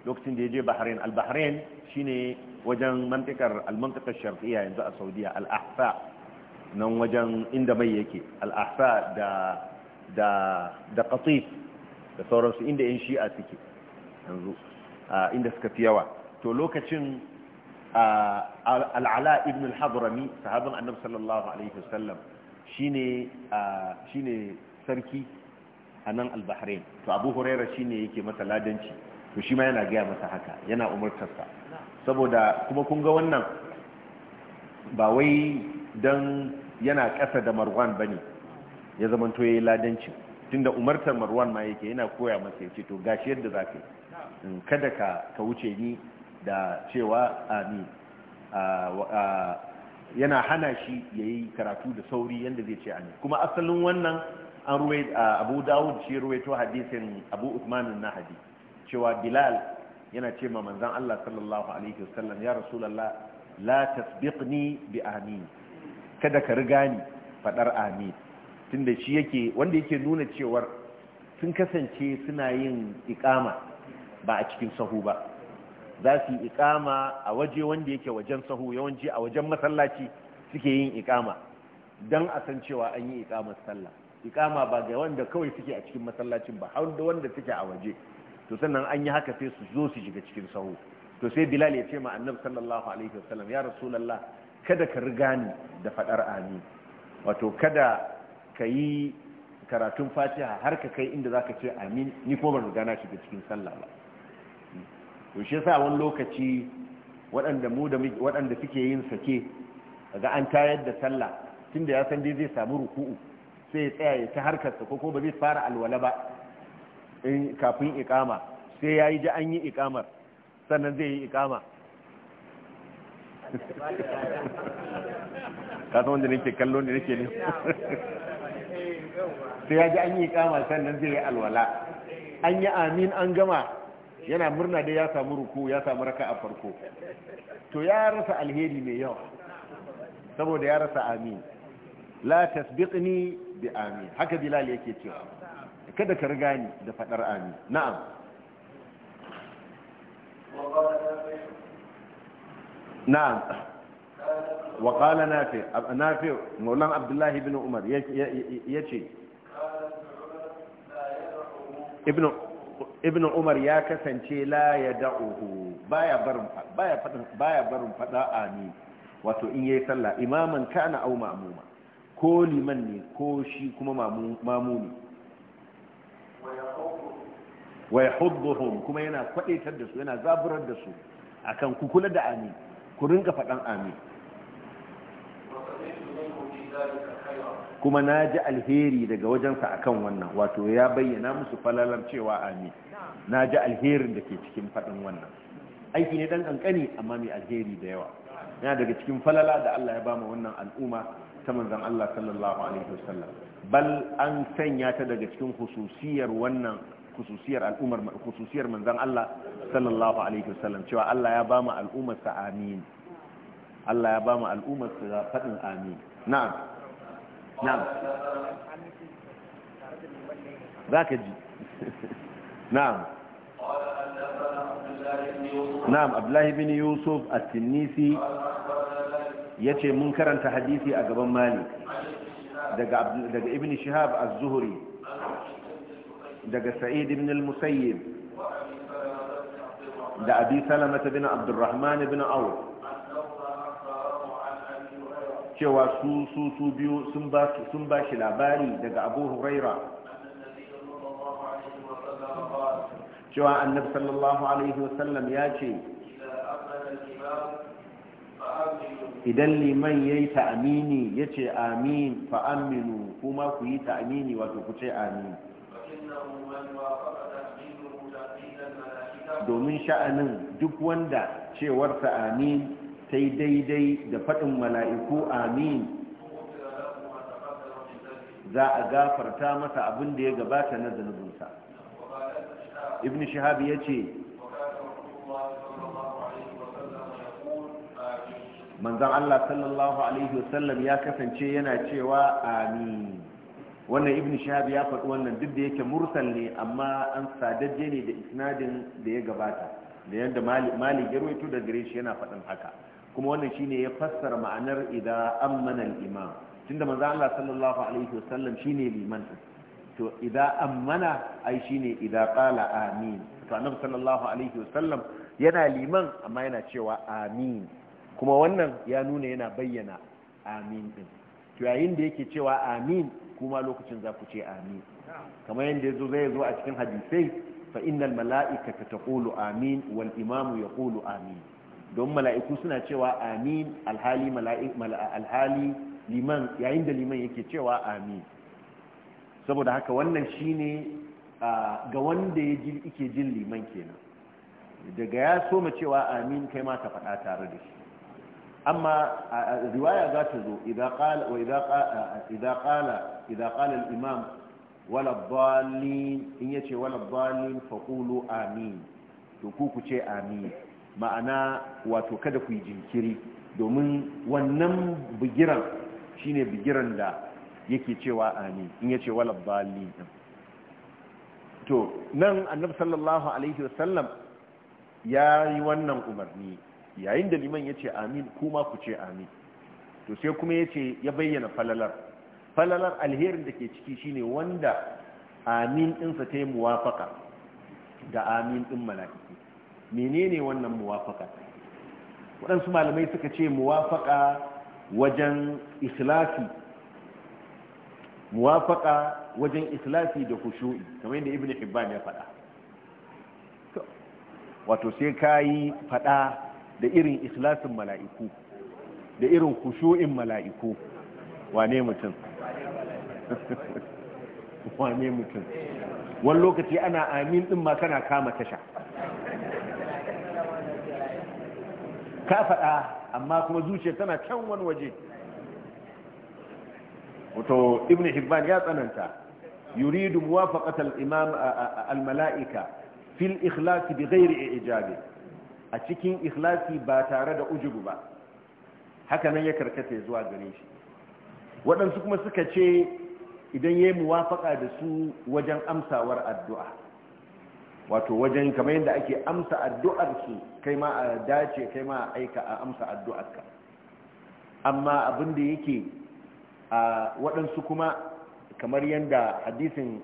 lokacin da ya je bahrain al-bahrain shine wajen mantikar al-mantikar sharqiyya yanzu a saudiya al-ahsa nan wajen inda mai yake al'asa da da da qatif da sauransu inda yan shi'a suke yanzu inda suka fi yawa to lokacin al'ala ibn al-hadrami sahabin annabi sallallahu alaihi wasallam shine shine sarki a nan al-bahrain to abu huraira shine yake masa ladanci to shi ma yana gaya masa haka yana umartarsa saboda kuma kun ga wannan ba wai don yana ƙasa da marwan ba ne ya zamanto ya yi tun tunda umartar marwan ma yake yana koya masa ya ce to gashi yadda za ka yi kada ka wuce ni da cewa amin yana hana shi ya yi karatu da sauri yadda zai ce amin kuma asalin wannan an ruwe abu dawud shi ruwaito hadisin abu usmanin na hadi cewa bilal yana ce ma manzan allah sallallahu alaihi wasallam ya rasulallah la tasbiqni bi amin kada ka riga ni fadar amin tunda shi yake wanda yake nuna cewar sun kasance suna yin ikama ba a cikin sahu ba za su yi ikama a waje wanda yake wajen sahu yawanci a wajen masallaci suke yin ikama don a san cewa an yi ikama sallah ikama ba ga wanda kawai suke a cikin masallacin ba har da wanda suke a waje to sannan an yi haka sai su zo su shiga cikin sahu to sai bilal ya ce ma annabi sallallahu alaihi wasallam ya rasulullah kada ka riga ni da faɗar amin wato kada ka yi karatun fatiha har ka kai inda za ka ce amin ni ko ban riga na shiga cikin sallah ba to shi yasa wani lokaci waɗanda suke yin sake ga an tayar da sallah tunda ya san dai zai samu ruku'u sai ya tsaya ya ta harkarsa ko ko ba zai fara alwala ba in kafin ikama sai ya yi ji an yi ikamar sannan zai yi ikama ka san wanda nake kallo da nake ne sai ya ji an yi kama sannan zai yi alwala an yi amin an gama yana murna dai ya samu ruku ya samu raka a farko to ya rasa alheri mai yawa saboda ya rasa amin la tasbiqni bi amin haka bilal yake cewa kada ka riga ni da fadar amin na'am na'am wa qala nafi nafi maulan abdullah ibn umar yace ibn ibn umar ya kasance la ya da'uhu baya barin baya fadin baya wato in yayi sallah imaman kana au ma'muma ko liman ne ko shi kuma mamuni wa yahudduhum kuma yana kwadaitar da su yana zaburar da su akan kukula da amin ku rinka faɗan amin kuma na ji alheri daga wajensa akan wannan wato ya bayyana musu falalar cewa amin na ji alherin da ke cikin faɗin wannan aiki ne ɗan ƙanƙani amma mai alheri da yawa yana daga cikin falala da Allah ya bama wannan al'umma ta manzan Allah sallallahu alaihi wasallam bal an sanya ta daga cikin hususiyar wannan khususiyar al'ummar khususiyar manzon Allah sallallahu alaihi wasallam cewa Allah ya ba mu al'ummar sa amin Allah ya ba mu al'ummar sa fadin amin na'am na'am zaka ji na'am na'am Abdullahi bin Yusuf at-Tinisi yace mun karanta hadisi a gaban Malik daga ibn Shihab az-Zuhri daga sa'id ibn al-musayyib da abi salama bin abdurrahman bin awf cewa su su su biyu sun ba sun ba shi labari daga abu huraira cewa annabi sallallahu alaihi ya ce idan liman ya yi ta'amini ya ce amin fa'aminu kuma ku yi ta'amini wato ku ce amin domin sha'anin duk wanda cewarsa amin sai daidai da faɗin mala'iku amin za a gafarta masa abin da ya gabata na zanubinsa ibn shahab ya ce manzan allah sallallahu alaihi wasallam ya kasance yana cewa amin wannan ibn shahab ya faɗi wannan duk da yake mursal ne amma an sadajje ne da isnadin da ya gabata da yadda malik ya da gare shi yana faɗin haka kuma wannan shine ya fassara ma'anar idan ammana al-imam tunda manzo Allah sallallahu alaihi wasallam shine liman to idan ammana ai shine idan qala amin to annabi sallallahu alaihi wasallam yana liman amma yana cewa amin kuma wannan ya nuna yana bayyana amin din to yayin da yake cewa amin kuma lokacin za ku ce amin kamar yadda zo zai zo a cikin hadisai fa innal mala'ikata taqulu amin wal imamu yaqulu amin don mala'iku suna cewa amin alhali alhali liman yayin da liman yake cewa amin saboda haka wannan shine ga wanda ya ji jin liman kenan daga ya soma cewa amin kai ma ka faɗa tare da shi Amma الرواية ذات ذو zo idan وإذا قال إذا قال إذا قال الإمام ولا الضالين إن يتي ولا amin فقولوا ku تقولوا تي ma'ana wato kada ku yi jinkiri domin wannan bigiran shine bigiran da yake cewa amin in yace wala dhalin to nan annabi sallallahu alaihi wasallam ya yi wannan umarni yayin da liman ya ce amin kuma ku ce amin to sai kuma ya ce ya bayyana falalar falalar alherin da ke ciki shine wanda amin ɗinsa ta yi muwafaka da amin ɗin mala'iki menene wannan muwafaka waɗansu malamai suka ce muwafaka wajen islafi muwafaka wajen islafi da kushu'i kamar yadda ibn hibban ya faɗa wato sai ka yi faɗa da irin ikhlasin mala'iku da irin kushu'in mala'iku wane mutum wane mutum wani lokaci ana amin din ma kana kama tasha ka faɗa amma kuma zuciya tana can wani waje wato ibn hibban ya tsananta yuridu muwafaqatal imam al mala'ika fil ikhlasi bi ghairi ijabi a cikin ikhlasi ba tare da ujubu ba haka nan ya karkata zuwa gare shi waɗansu kuma suka ce idan ya yi muwafaka da su wajen amsawar addu'a wato wajen kamar yadda ake amsa addu'ar su kai ma a dace kai ma a aika a amsa addu'ar ka. amma abin da yake a waɗansu kuma kamar yadda hadisin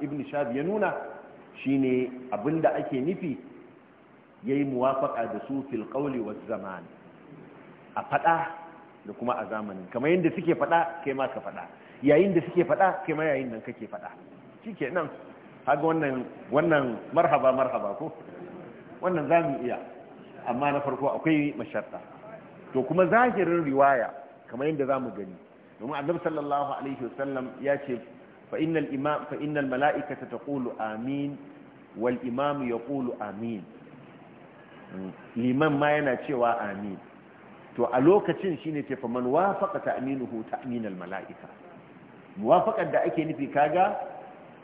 ibn Shabi ya nuna shine abin da ake nufi yayi muwafaqa da su fil qawli waz zaman a fada da kuma a zamanin kamar yanda suke fada kai ma ka fada yayin da suke fada kai ma yayin nan kake fada nan haga wannan wannan marhaba marhaba ko wannan za mu iya amma na farko akwai masharta to kuma zahirin riwaya kamar yadda mu gani domin annabi sallallahu alaihi wasallam ya ce fa innal imam fa innal mala'ikata taqulu amin wal imam yaqulu amin liman ma yana cewa amin to a lokacin shine ce faman wafaqa ta'minuhu ta'minal mala'ika muwafaqar da ake nufi kaga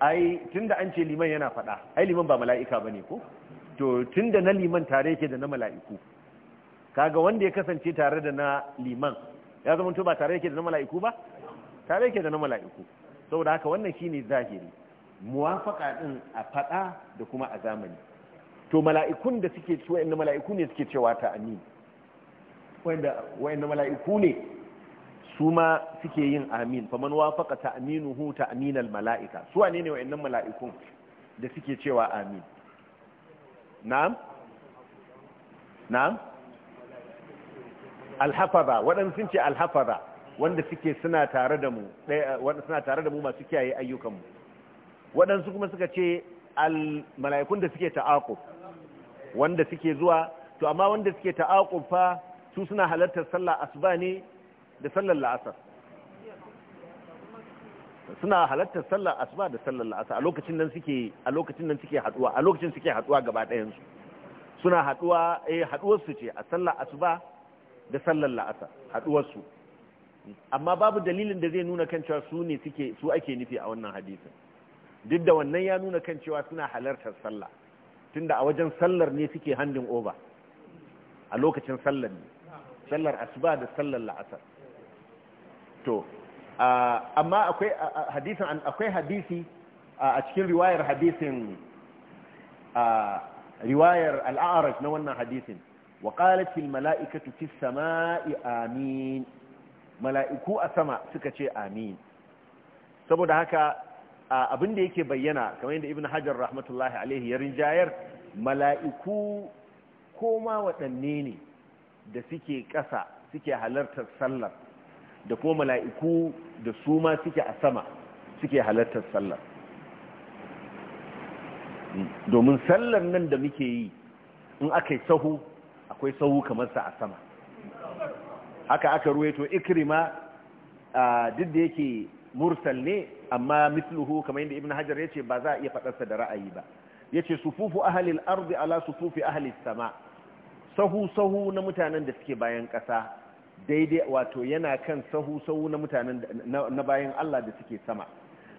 ai tunda an ce liman yana fada ai liman ba mala'ika bane ko to tunda na liman tare yake da na mala'iku kaga wanda ya kasance tare da na liman ya zama to ba tare yake da na mala'iku ba tare yake da na mala'iku saboda haka wannan shine zahiri muwafaqa din a fada da kuma a zamani to mala'ikun da suke cewa inda mala'iku ne suke cewa ta amin wa'inda mala'iku ne su ma suke yin amin faman wafaka ta aminu hu ta aminal mala'ika su wane ne wa'in mala'ikun da suke cewa amin na'am na'am alhafaza waɗansu sun ce alhafaza wanda suke suna tare da mu suna tare da mu masu kiyaye ayyukanmu waɗansu kuma suka ce mala'ikun da suke ta'aqub wanda suke zuwa to amma wanda suke ta'aqub fa su suna halartar sallah asuba ne da sallar la'asar suna halartar sallar asuba da sallar la'asar a lokacin nan suke a lokacin nan suke haduwa a lokacin suke haduwa gaba ɗayan su suna haduwa eh haduwar su ce a sallar asuba da sallar la'asar haduwar su amma babu dalilin da zai nuna kan cewa su ne suke su ake nufi a wannan hadisin duk da wannan ya nuna kan cewa suna halartar sallah tunda a wajen sallar ne suke handin oba, a lokacin sallar ne sallar asuba da sallar la'asar to amma akwai hadisin akwai hadisi a cikin riwayar hadisin riwayar al'araj na wannan hadisin wa qalat fil mala'ikatu fis sama'i amin mala'iku a sama suka ce amin saboda haka abin da yake bayyana kamar yadda ibn hajar rahmatullahi alaihi ya rinjayar mala'iku ma waɗanne ne da suke ƙasa suke halartar sallar da ko mala'iku da su ma suke a sama suke halartar sallar domin sallar nan da muke yi in aka sahu akwai sahu kamar sa a sama haka aka ruwaito ikrima duk da yake mursal ne amma mithluhu kamar yadda ibn hajar yace ba za a iya fadarsa da ra'ayi ba yace sufufu ahli al-ardi ala sufufi ahli as-sama sahu sahu na mutanen da suke bayan kasa daidai wato yana kan sahu sahu na mutanen na bayan Allah da suke sama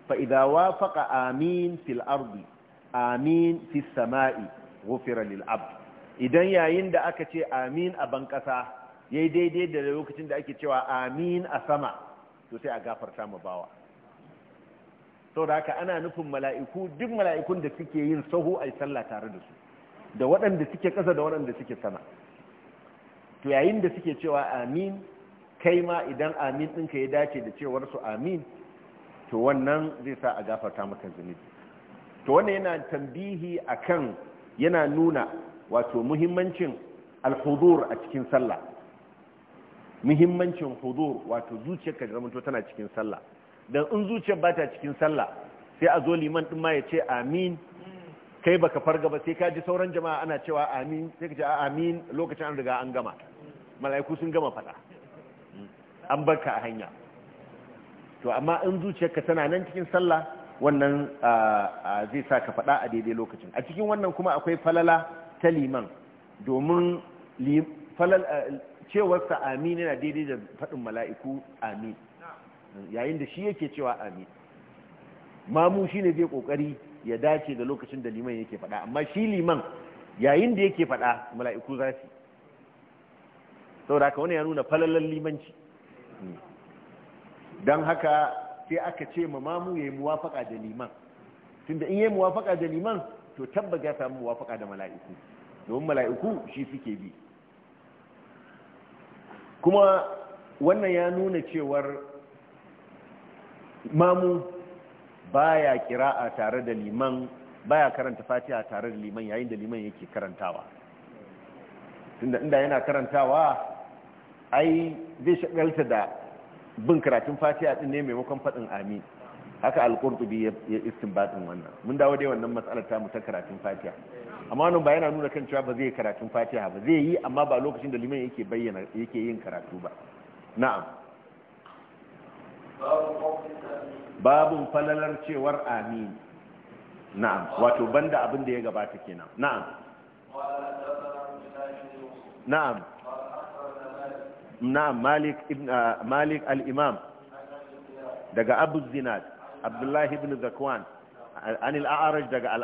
fa idza wafaqa amin fil ardi amin fis sama'i ghufira lil abd idan yayin da aka ce amin a ban kasa yayi daidai da lokacin da ake cewa amin a sama to sai a gafarta ma bawa saboda haka ana nufin mala'iku duk mala'ikun da suke yin sahu ai sallah tare da su da waɗanda suke ƙasa da waɗanda suke sama to yayin da suke cewa amin kai ma idan amin ɗinka ya dace da cewar su amin to wannan zai sa a gafarta maka zunubi to wannan yana tambihi akan yana nuna wato muhimmancin alhudur a cikin sallah muhimmancin hudur wato zuciyar ka tana cikin sallah dan in zuciyar ba ta cikin sallah sai a zo liman din ma ya ce amin kai baka farga ba sai ka ji sauran jama'a ana cewa amin sai ka ji amin lokacin an riga an gama mala'iku sun gama fada an barka a hanya to amma in zuciyarka tana nan cikin sallah wannan zai sa ka fada a daidai lokacin a cikin wannan kuma akwai falala ta liman domin cewarsa amin yana daidai da faɗin mala'iku amin yayin da shi yake cewa amin mamu shi ne zai ƙoƙari ya dace da lokacin da liman yake faɗa amma shi liman yayin da yake faɗa mala'iku za su sauraka wani ya nuna falalan limanci don haka sai aka ce ma mamu ya yi muwafaka da liman tun da in yi muwafaka da liman to ya samu muwafaka da mala'iku domin mala'iku shi suke bi kuma wannan ya nuna cewar mamu baya kira'a tare da liman baya karanta fatiha tare da liman yayin da liman yake karantawa tunda inda yana karantawa ai zai shagalta da bin karatun fatiha din ne maimakon faɗin amin haka alƙurtubi ya istinbatin wannan mun dawo dai wannan matsalar ta mu ta karatun fatiha amma wannan ba yana nuna kan cewa ba zai karatun fatiha ba zai yi amma ba lokacin da liman yake bayyana yake yin karatu ba na'am babun falalar cewar amin na'am wato banda abin da ya gabata kenan na'am na'am na'am malik ibn uh, malik al-imam daga abu zinad abdullahi ibn zakwan an al-a'raj daga al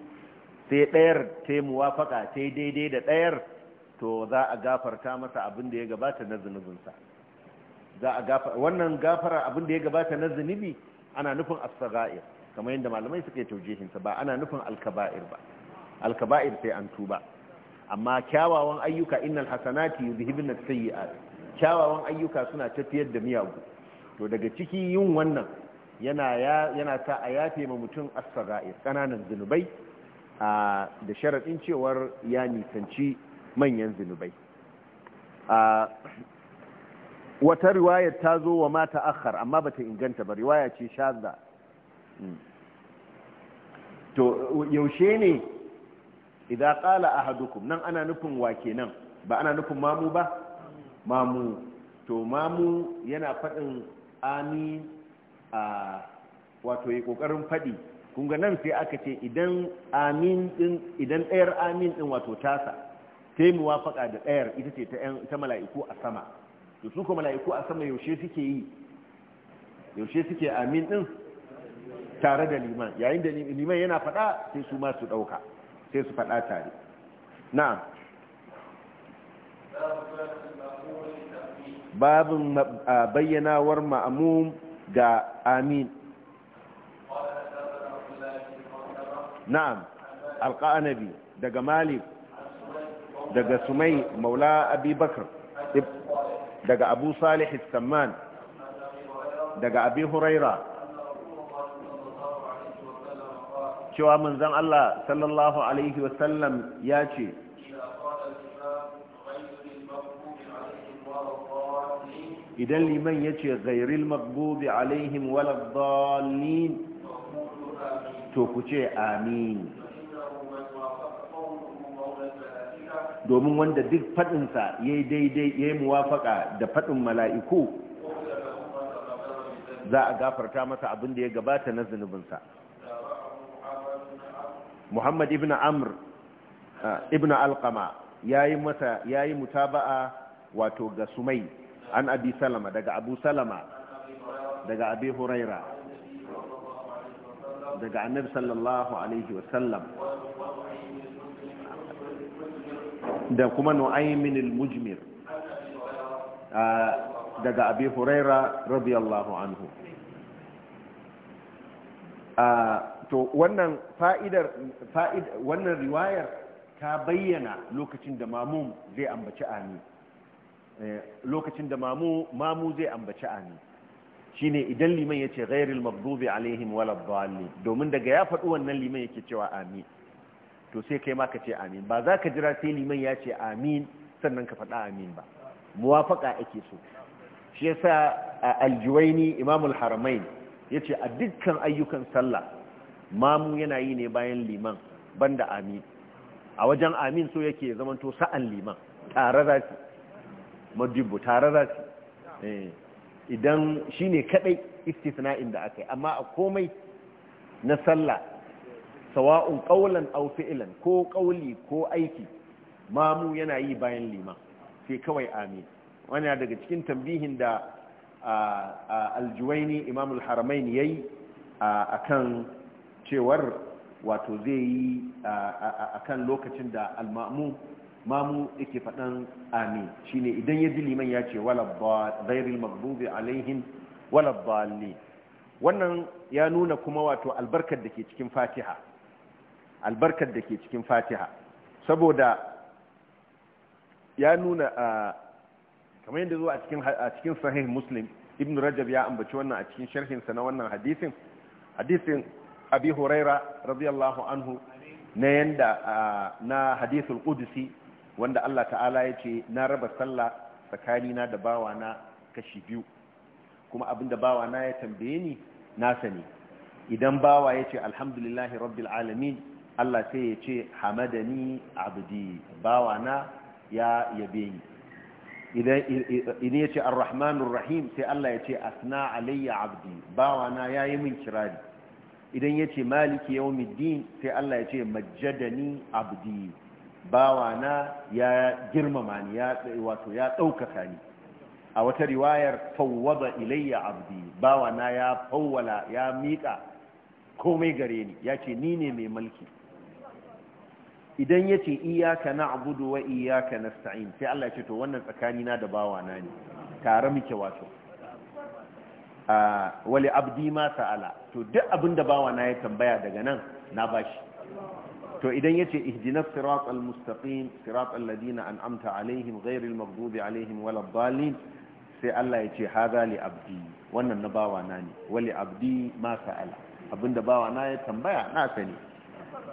sai ɗayar ta yi muwafaka ta daidai da ɗayar to za a gafarta masa abin da ya gabata na zunubinsa wannan gafara abin da ya gabata na zunubi ana nufin as kamar yadda malamai suke taujihinsa ba ana nufin Alkaba'ir ba alkaba'ir sai an tuba amma kyawawan ayyuka innal hasanati yudhibun as-sayyi'at kyawawan ayyuka suna tafiyar da miyagu to daga ciki yin wannan yana sa a yafe ma mutum as ƙananan kananan zunubai da sharaɗin cewar ya nisanci manyan zunubai wata riwaya ta zo wa mata akhar amma bata inganta ba riwaya ce shaza hmm. to yaushe ne idan kala ahadukum nan ana nufin wa kenan ba ana nufin mamu ba mamu to mamu yana faɗin amin a wato ya ƙoƙarin faɗi kunga nan sai aka ce idan amin din idan ɗayar amin din wato tasa ta yi muwafaka da ɗayar ita ce ta mala'iku a sama to su ko mala'iku a sama yaushe suke yi yaushe suke amin din tare da liman yayin da liman yana faɗa sai su ma ɗauka sai su faɗa tare na'am babin bayyanawar ma'amum ga amin na'am alƙa'anabi daga malik daga sumai maula abubakar daga abu salih samman daga abi huraira cewa manzan Allah sallallahu alaihi wasallam ya ce idan liman ya ce gairil magbobi alaihim waladdallin to ku ce amin domin wanda duk faɗinsa ya yi daidai ya yi muwafaka da faɗin mala'iku za a gafarta masa abin da ya gabata na zunubinsa muhammad ibn amr ibn alkama ya ya yi mutaba'a wato ga sumai an abi salama daga abu salama daga abi huraira daga annabi sallallahu alaihi wasallam da kuma nu'aymin al-mujmir daga abi huraira radiyallahu anhu to wannan fa'idar wannan riwayar ta bayyana lokacin da mamu zai ambaci ani eh, lokacin da mamu mamu zai ambaci ani shine idan liman ya ce ghairil maghdubi alaihim waladdallin domin daga ya faɗi wannan liman yake cewa amin to sai kai ma ka ce amin ba za ka jira sai liman ya ce amin sannan ka faɗa amin ba muwafaka ake so shi yasa aljuwaini imamul haramain yace a dukkan ayyukan sallah mamu yana yi ne bayan liman banda amin a wajen amin so yake zamanto sa'an liman tare za ki, majibu tare za su eh. idan shi ne kaɗai istisna'in da aka yi amma a komai na sallah sawa'un ƙaunar aufi'ilan ko ƙauli ko aiki mamu yana yi bayan liman sai kawai amin wani daga cikin tambihin da aljuwaini imamul haramain a kan cewar wato zai yi a kan lokacin da almamu mamu yake faɗan amin shine idan ya ji liman ya ce wala ghairil maghdubi alaihim wala dhalin wannan ya nuna kuma wato albarkar da ke cikin fatiha albarkar da ke cikin fatiha saboda ya nuna kamar yadda zuwa a cikin sahih muslim ibn rajab ya ambaci wannan a cikin sharhinsa na wannan hadisin hadisin abi huraira radiyallahu anhu na yanda na hadithul qudsi wanda Allah ta'ala ya ce na raba sallah tsakanina da bawana kashi biyu kuma abinda bawana ya tambaye ni na sani idan bawa ya ce alhamdulillahi rabbil alamin Allah sai ya ce hamadani abdi bawana ya yabe ni idan ya ce arrahmanur rahim sai Allah ya ce asna alayya abdi bawana ya yi min kirari idan ya ce maliki yawmiddin sai Allah ya ce majjadani abdi Bawa na ya girmama ni ya wato ya ɗaukaka ni a wata riwayar fawwada ilayya abdi bawana ya fawwala ya miƙa komai gare ni ya ce ni ne mai mulki idan yace ce iyaka na abudu wa iyaka na sa'in sai Allah to wannan tsakanina da bawana ne tare muke wato wale abdi ma sa'ala to duk abin da bawana ya tambaya daga nan na bashi to idan yace ihdinas siratal mustaqim siratal ladina an'amta alaihim ghairil maghdubi alaihim waladdallin sai Allah yace hadha li abdi wannan na bawa na ne wali abdi ma sa'ala abinda bawa na ya tambaya na sani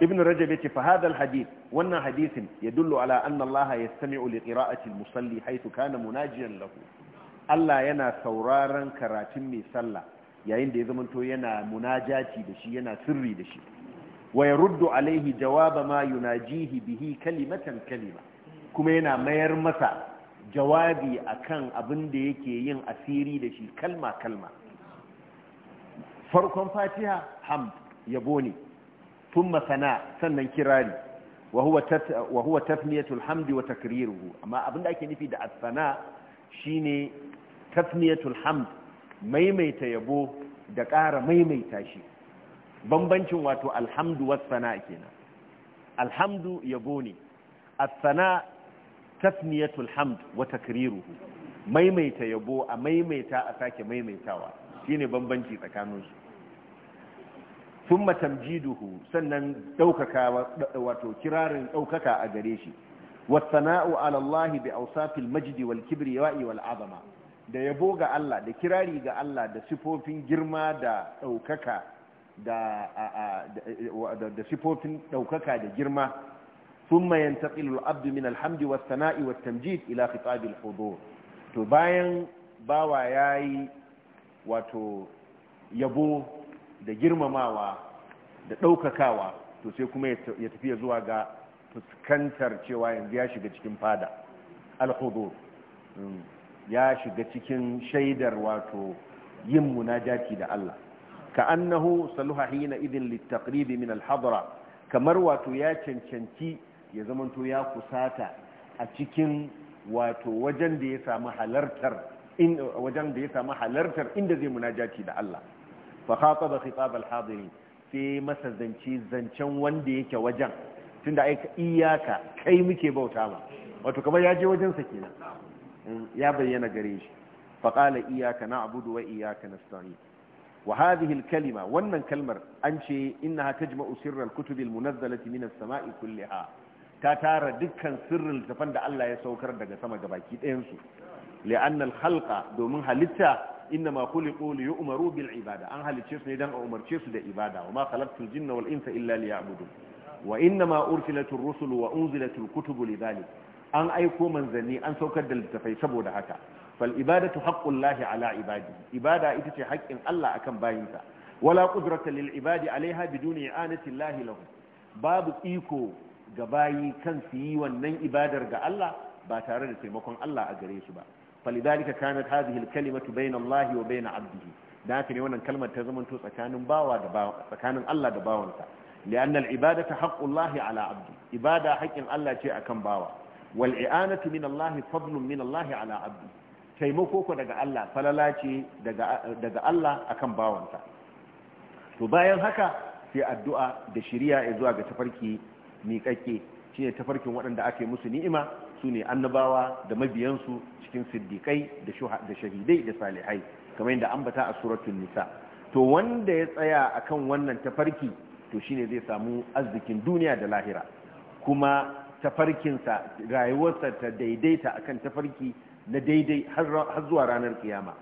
ibn rajab yace fa hadha al wannan wannan hadithin yadullu ala anna Allah yastami'u li qira'ati al musalli haythu kana munajiyan lahu Allah yana sauraron karatun mai sallah yayin da ya zamanto yana munajaci da shi yana sirri da shi wa yaruddu alaihi jawaba ma jihi bihi kalimatan kalima kuma yana mayar masa jawabi akan abin da yake yin asiri da shi kalma kalma farkon fatiha hamd yabo ne thumma sannan kirari wa huwa wa huwa tasmiyatul hamdi wa takriruhu amma abin da ake nufi da asana shine tasmiyatul hamd maimaita yabo da ƙara maimaita shi bambancin wato alhamdu was kenan alhamdu yabo ne Asana tasniyatul hamd wa takriruhu maimaita yabo a maimaita a sake maimaitawa shine bambanci tsakanin su thumma tamjiduhu sannan daukaka wato kirarin daukaka a gare shi والثناء على الله بأوصاف المجد والكبرياء azama. da yabo ga Allah da kirari ga Allah da sifofin girma da ɗaukaka E, e, da sifofin ɗaukaka da girma sun mayan taƙilul abdu min alhamdi wa sana'i wa tamjid ila fitabil hudu to bayan bawa ya yi wato yabo da girmamawa da ɗaukakawa to sai kuma ya tafiya zuwa ga fuskantar cewa yanzu ya shiga cikin fada alhudu mm, ya shiga cikin shaidar wato yin munajati da Allah ka'annahu saluha hina idin littaqribi min al-hadra kamar wato ya cancanci ya zamanto ya kusata a cikin wato wajen da ya samu halartar inda zai munajaci da Allah fa khataba khitab al-hadirin sai masa zance zancen wanda yake wajen tunda ai iyaka kai muke bauta ma wato kamar ya je wajen sa kenan ya bayyana gare shi fa qala iyaka na'budu wa iyaka nasta'in wa hadhihi kalima wannan kalmar an ce innaha tajma'u sirra al-kutubi al-munazzalati min as-sama'i kulliha ta tara dukkan sirrin tafan da Allah ya saukar daga sama gabaki ɗayan su li'anna al-khalqa domin halitta innama khuliqu li umaru bil ibada an halicce su ne dan a umarce su da ibada wa ma khalaqtul jinna wal insa illa liya'budun wa ma ursilatur rusulu wa unzilatul kutubu lidhalik an aiko manzanni an saukar da littafai saboda haka fal ibadatu haqqullahi ala ibadi ibada ita ce haƙƙin Allah akan bayinsa wala qudrata lil ibadi alaiha biduni i'anati llahi lahu babu iko ga bayi kan su wannan ibadar ga Allah ba tare da taimakon Allah a gare su ba falidalika kanat hadhihi alkalimatu bayna Allah wa bayna 'abdihi da haka ne wannan kalmar ta zama to tsakanin bawa da tsakanin Allah da bawansa lian alibadatu haqqullahi ala 'abdi ibada haƙin Allah ce akan bawa wal i'anatu min Allah fadlun min Allah ala 'abdi taimako ko daga Allah falala ce daga Allah akan bawansa to bayan haka sai addu'a da shiriya ya zuwa ga tafarki miƙaƙe shi ne tafarkin waɗanda aka musu ni'ima su ne annabawa da mabiyansu cikin siddiƙai da shahidai da salihai kamar yadda ambata a suratun nisa to wanda ya tsaya akan wannan tafarki to shine zai samu arzikin duniya da lahira kuma tafarkinsa rayuwarsa ta daidaita akan tafarki na daidai har zuwa ranar kiyama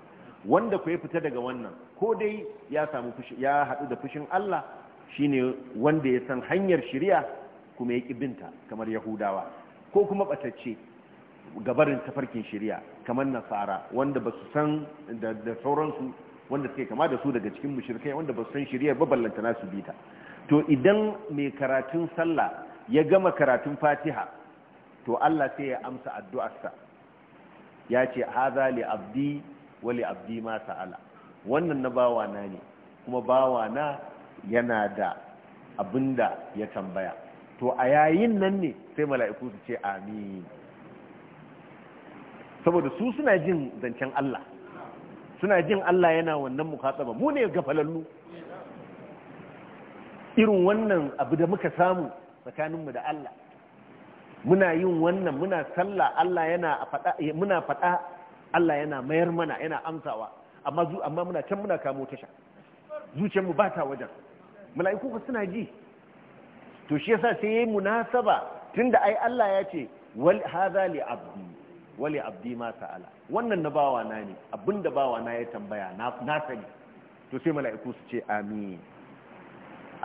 wanda ku ya fita daga wannan ko dai ya samu ya haɗu da fushin Allah shine wanda ya san hanyar shari'a kuma ya binta kamar yahudawa ko kuma batacce gabarin tafarkin shari'a kamar nasara wanda ba su san da, sauransu wanda suke kama da su daga cikin mushrikai wanda ba su san shari'a ba ballanta nasu bita to idan mai karatun sallah ya gama karatun fatiha to Allah sai ya amsa addu'arsa ya ce haza li abdi wa li abdi ma sa'ala wannan na bawa na ne kuma bawa na yana da abin da ya tambaya to a yayin nan ne sai mala'iku su ce amin saboda su suna jin zancen Allah suna jin Allah yana wannan mukatsaba mu ne ga gafalallu irin wannan abu da muka samu tsakaninmu da Allah muna yin wannan muna sallah Allah yana faɗa eh, muna faɗa Allah yana mayar mana yana amsawa amma zu amma muna can muna kamo tasha zuciyar mu bata wajen mala'iku ko suna ji to shi yasa sai yayi munasaba tunda ai Allah ya ce wal hadha li abdi wali abdi ma sa'ala wannan na bawa na ne abinda bawa na ya tambaya na sani to sai mala'iku su ce amin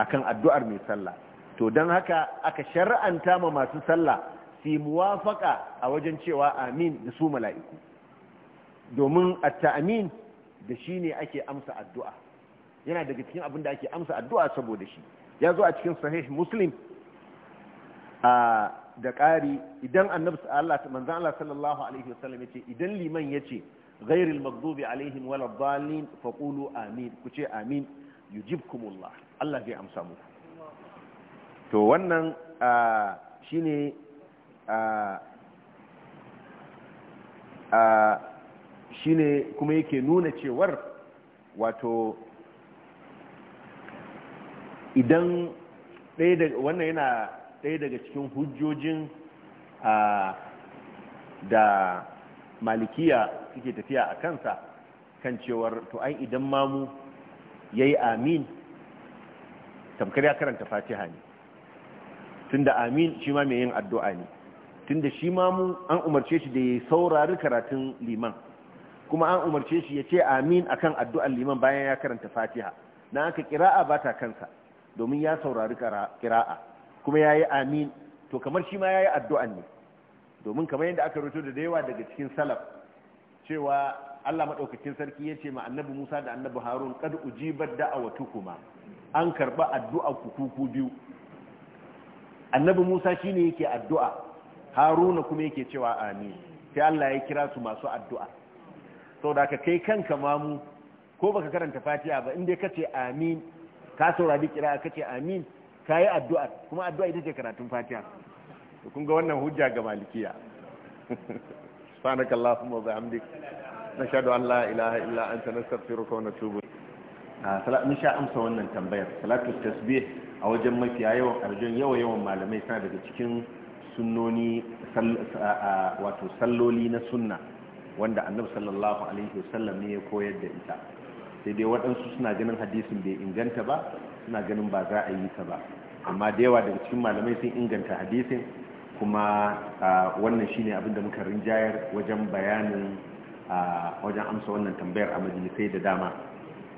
akan addu'ar mai sallah to don haka aka shar'anta ma masu sallah su muwafaka a wajen cewa amin da su mala'iku domin a taamin da shi ne ake amsa addu'a yana daga cikin abin da ake amsa addu'a saboda shi ya zo a cikin sahih muslim da ƙari idan annabi manzan Allah sallallahu alaihi wasallam ya ce idan liman ya ce ghairil maghdubi alaihim wala dhalin faqulu amin ku ce amin kumullah Allah zai amsa muku to wannan shi ne kuma yake nuna cewar wato idan wannan yana ɗaya daga cikin hujjojin da malikiya suke tafiya a kansa kan cewar to ai idan mamu ya yi amin tamkar ya karanta fatiha ne tunda amin shi ma mai yin addu'a ne tunda shi ma mu an umarce shi da ya saurari karatun liman kuma an umarce shi ya ce amin akan addu'ar liman bayan ya karanta fatiha na aka kira'a ba ta kansa domin ya saurari kira'a kuma ya yi amin to kamar shi ma ya yi addu'an ne domin kamar yadda aka rito da yawa daga cikin salaf cewa Allah maɗaukacin sarki ya ce ma annabi Musa da annabi Harun kad ujibar da'awatukuma kuma an karɓa addu'a ku biyu annabi Musa shi ne yake addu'a Haruna kuma yake cewa amin sai Allah ya kira su masu addu'a saboda ka kai kanka mamu ko baka karanta Fatiha ba inda ka ce amin ka saurari kira ce amin kayi addu'a kuma addu'a ita ce karatun Fatiha kun ga wannan hujja ga malikiya subhanakallahumma ah, amsa wannan tambayar salatu tasbih a wajen mafiya yawan arjun yawa yawan malamai suna daga cikin sunnoni wato salloli na sunna wanda annabi sallallahu alaihi wasallam ne ya koyar da ita sai dai waɗansu suna ganin hadisin bai inganta ba suna ganin ba za a yi ta ba amma da yawa daga cikin malamai sun inganta hadisin kuma wannan shine abin da muka rinjayar wajen bayanin wajen amsa wannan tambayar a majalisai da dama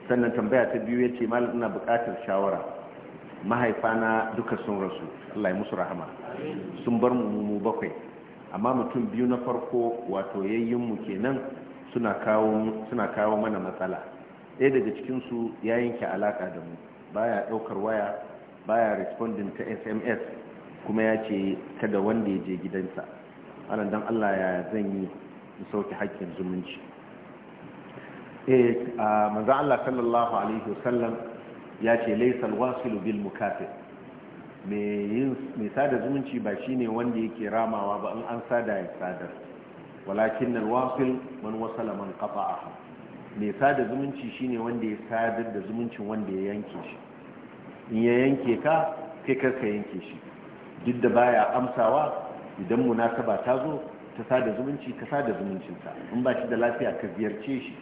sannan tambaya ta biyu ya ce malam ina buƙatar shawara mahaifana duka sun rasu Allah ya musu rahama sun bar mu mu bakwai amma mutum biyu na farko wato yayyin mu kenan suna kawo suna kawo mana matsala ɗaya daga cikin su ya yanke alaka da mu baya ɗaukar waya baya responding ta SMS kuma ya ce kada wanda ya je gidansa anan dan Allah ya zan yi in sauke haƙƙin zumunci eh manzo Allah sallallahu alaihi wasallam ya ce laisal wasilu bil mukafir Me sada zumunci ba shine wanda yake ramawa ba in an sada ya sadar walakin alwasil man wasala man qata'aha Me sada zumunci shine wanda ya sadar da zumuncin wanda ya yanke shi in ya yanke ka kai kar ka yanke shi duk da baya amsawa idan munasaba ta zo ta sada zumunci ka sada zumuncinsa in ba shi da lafiya ka ziyarce shi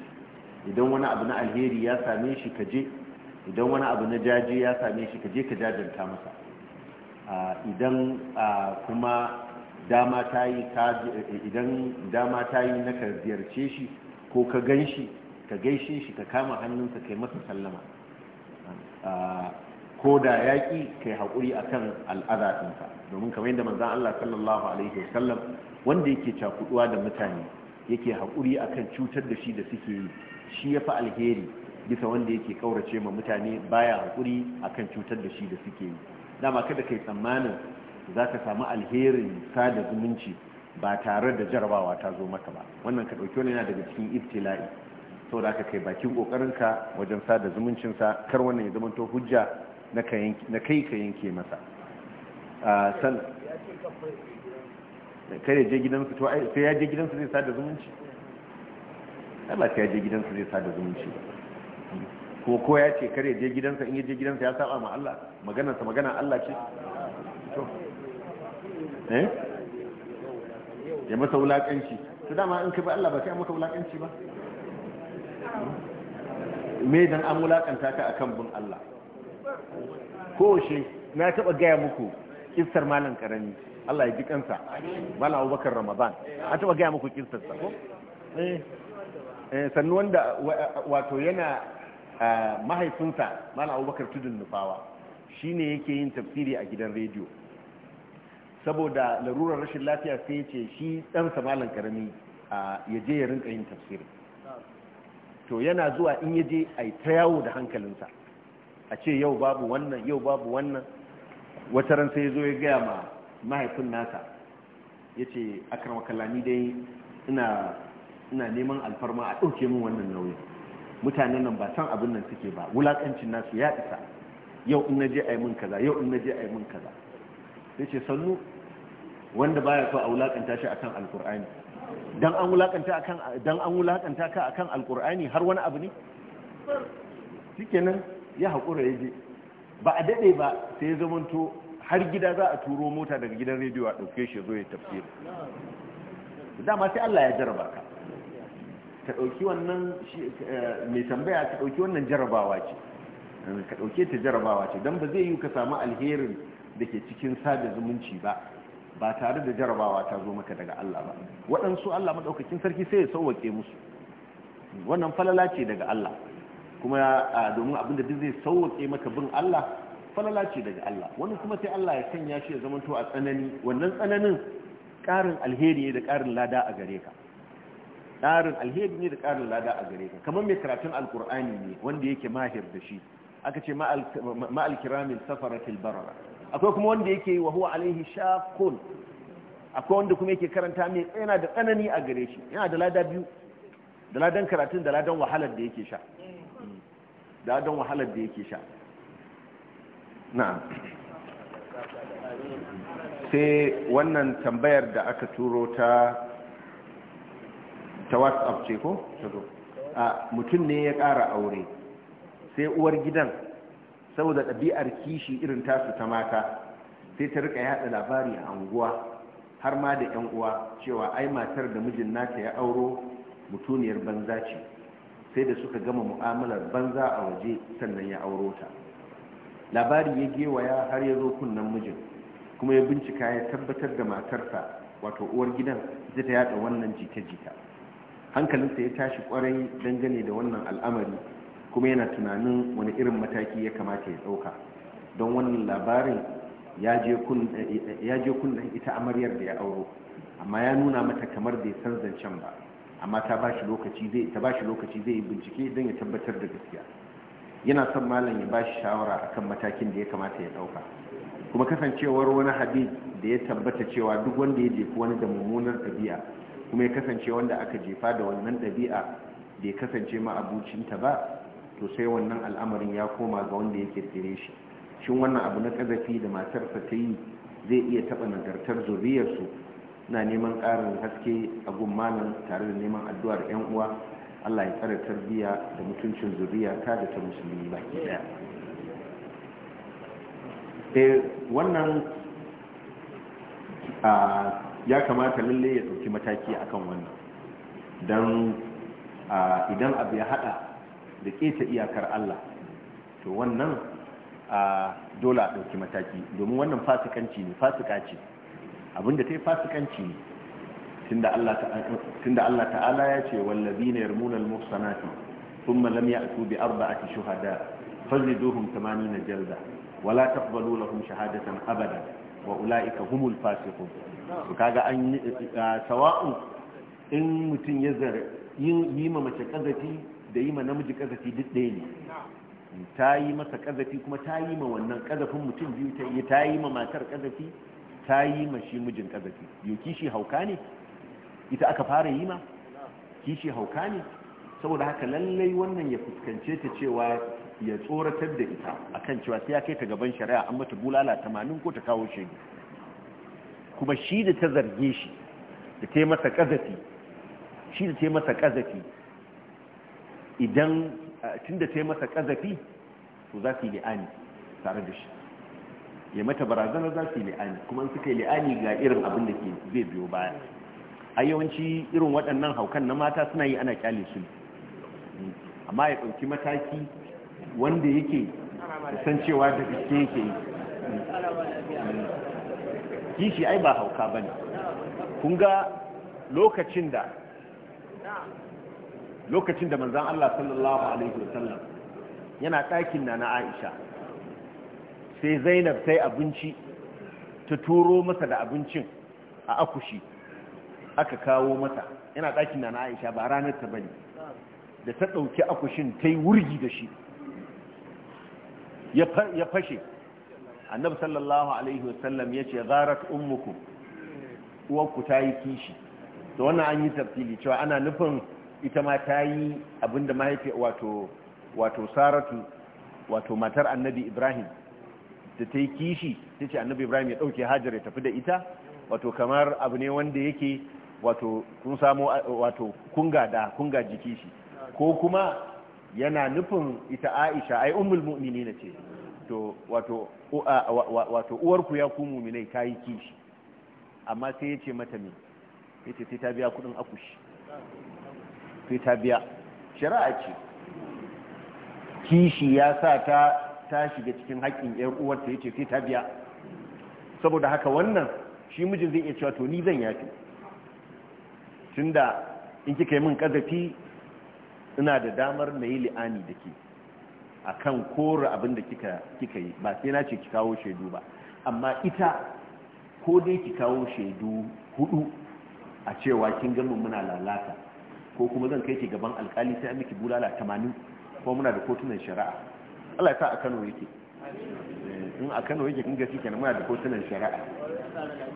idan wani abu na alheri ya same shi ka je idan wani abu na jaji ya same shi ka je ka jajanta masa idan kuma dama ta yi idan dama ta yi na ka ziyarce shi ko ka gan shi ka gaishe shi ka kama hannunsa kai masa sallama ko da yaƙi kai haƙuri akan al'ada ɗinka domin kamar yadda manzan Allah sallallahu alaihi wasallam wanda yake cakuɗuwa da mutane yake haƙuri akan cutar da shi da suke yi shi ya fi alheri bisa wanda yake kaurace ma mutane baya hakuri akan cutar da shi da suke yi dama kada kai tsammanin za ka samu alherin sada zumunci ba tare da jarabawa ta zo maka ba wannan ka ɗauki wani yana daga cikin ibtila'i sau da aka kai bakin ƙoƙarinka wajen sada zumuncinsa kar wannan ya zama to hujja na kai ka yanke masa kare je gidansu to sai ya je gidansu zai sada zumunci Allah sai ya je gidansu zai sada zumunci ko ko ya ce kare je gidansa in je gidansa ya saba ma Allah maganarsa magana Allah ce to eh ya masa wulakanci to dama in ka bi Allah ba sai maka wulakanci ba me dan an wulakanta ka akan bin Allah ko shi na taba gaya muku kissar malam karami Allah ya ji kansa malam Abubakar Ramadan a taba gaya muku kissar sa ko eh, eh sannu wanda wato yana mahaifinsa malam abubakar tudun nufawa ne yake yin tafsiri a gidan rediyo saboda larurar rashin lafiya sai ya ce shi ɗansa malam karami ya je ya rinka yin tafsiri to yana zuwa in yaje je a ta yawo da hankalinsa a ce yau babu wannan yau babu wannan wata ran sai ya zo ya gaya ma mahaifin nasa ya ce akramakalani dai ina neman alfarma a ɗauke min wannan nauyin mutanen nan ba san abin nan suke ba wulakancin nasu ya isa yau in naje ayi mun kaza yau in naje ayi mun kaza sai ce sannu wanda baya so a wulakanta shi akan alqur'ani dan an wulakanta akan dan an wulakanta ka akan alqur'ani har wani abu ne shikenan ya hakura yaje ba a dade ba sai ya zamanto har gida za a turo mota daga gidan rediyo a dauke shi zo ya tafsiri dama sai Allah ya jarraba ka ta ɗauki wannan eh, mai tambaya ta ɗauki wannan jarabawa ce eh, ka ɗauke ta jarabawa ce don ba zai yi ka samu alherin da ke cikin sada zumunci ba ba tare da jarabawa ta zo maka daga Allah ba waɗansu Allah maɗaukakin sarki sai ya sauwaƙe musu wannan falala ce daga Allah kuma domin abin da duk zai sauwaƙe maka bin Allah falala ce daga Allah wani kuma sai Allah ya sanya shi ya zamanto a tsanani wannan tsananin ƙarin alheri da ƙarin lada a gare ka ƙarin alheri ne da ƙarin lada a gare ka kamar mai karatun alkur'ani ne wanda yake mahir da shi aka ce ma'al kiramin safaratil barara akwai kuma wanda yake wa huwa alaihi shakun akwai wanda kuma yake karanta mai yana da tsanani a gare shi yana da lada biyu da ladan karatun da ladan wahalar da yake sha da ladan wahalar da yake sha na'am sai wannan tambayar da aka turo ta ta whatsapp ce ko a mutum ne ya ƙara aure sai uwar gidan saboda ɗabi'ar kishi irin tasu ta mata sai ta rika yada labari a anguwa har ma da yan uwa cewa ai matar da mijin nata ya auro mutuniyar banza ce sai da suka gama mu'amalar banza a waje sannan ya auro ta labari ya gewaya har ya zo kunnan mijin kuma ya bincika ya tabbatar da matarsa wato uwar gidan zai ta yada wannan jita-jita hankalinsa ya tashi kwarai dangane da wannan al'amari kuma yana tunanin wani irin mataki ya kamata ya ɗauka don wannan labarin ya je kunnen ita amaryar da ya auro amma ya nuna mata kamar bai san zancen ba amma ta ba shi lokaci zai ta ba shi lokaci zai yi bincike don ya tabbatar da gaskiya yana son malam ya ba shi shawara akan matakin da ya kamata ya ɗauka kuma kasancewar wani Habib da ya tabbata cewa duk wanda ya jefi wani da mummunar ɗabi'a kuma ya kasance wanda aka jefa da wannan ɗabi'a da ya kasance ma'abucinta ba to sai wannan al'amarin ya koma ga wanda ya kirkire shi shin wannan abu na ƙazafi da matarsa ta yi zai iya taɓa nagartar zuriyarsu na neman ƙarin haske a gummanan tare da neman addu'ar 'yan uwa allah ya tsare tarbiyya da mutuncin zuriya ta da ta musulmi baki ɗaya eh, wannan a ah, ya kamata lalle ya ɗauki mataki akan wannan don idan abu ya haɗa da keta iyakar Allah to wannan dole a ɗauki mataki domin wannan fasikanci ne fasika ce abinda ta yi fasikanci ne tunda Allah ta'ala ya ce wallazi ne yarmunan muhsanati ثم لم يأتوا بأربعة شهداء فزدوهم ثمانين جلدة ولا تقبلوا لهم abada, أبدا وأولئك humul الفاسقون kaga an sawa'un in mutum ya zara yi ma mace kazafi da yi ma namiji kazafi duk ɗaya ne ta yi masa kazafi kuma ta yi ma wannan kazafin mutum biyu ta yi ta yi ma matar kazafi ta yi ma shi mijin kazafi yau kishi hauka ne ita aka fara yi ma kishi hauka ne saboda haka lallai wannan ya fuskance ta cewa ya tsoratar da ita akan cewa sai ya kai ta gaban shari'a an mata bulala 80 ko ta kawo shaidu kuma shi da ta zarge shi da ta yi masa ƙazafi shi da ta yi masa ƙazafi idan tun da ta yi masa ƙazafi to za su yi li'ani tare da shi ya mata barazana za su yi li'ani kuma suka yi li'ani ga irin abin da ke zai biyo baya a yawanci irin waɗannan haukan na mata suna yi ana kyale su amma ya ɗauki mataki wanda yake san cewa da gaske yake yi kishi ai ba hauka bane kun ga lokacin da lokacin da manzon Allah sallallahu alaihi wasallam yana ɗakin na na Aisha sai Zainab sai abinci ta turo masa da abincin a akushi aka kawo mata yana ɗakin na na Aisha ba ranar ta bane da ta ɗauki akushin ta yi wurgi da shi ya fashe annabi sallallahu alaihi wasallam ya ce gharat ummukum uwarku ta yi kishi da wannan an yi tafsili cewa ana nufin ita ma ta yi abinda mahaifi wato wato saratu wato matar annabi ibrahim da ta yi kishi ta ce annabi ibrahim ya ɗauke hajar ya tafi da ita wato kamar abu ne wanda yake wato kun samo wato kunga da kunga jiki shi ko kuma yana nufin ita aisha ai ummul mu'minina ce to wato wato uwarku ya ku muminai ta yi kishi amma sai ya ce mata ne ya ce ta biya kudin akushi sai ta biya shari'a ce kishi ya sa ta ta shiga cikin haƙƙin 'yar uwarta ya ce sai ta biya saboda haka wannan shi mijin zai iya cewa to ni zan yafi tunda in kika yi min kazafi ina da damar na yi li'ani da ke akan kore abin da kika kika yi ba sai na ce ki kawo shaidu ba amma ita ko dai ki kawo shaidu hudu a cewa kin ga mu muna lalata ko kuma zan kai ki gaban alkali sai an miki bulala 80 ko muna da kotunan shari'a Allah ya sa a Kano yake eh, in a Kano yake kin ga shi kenan muna da kotunan shari'a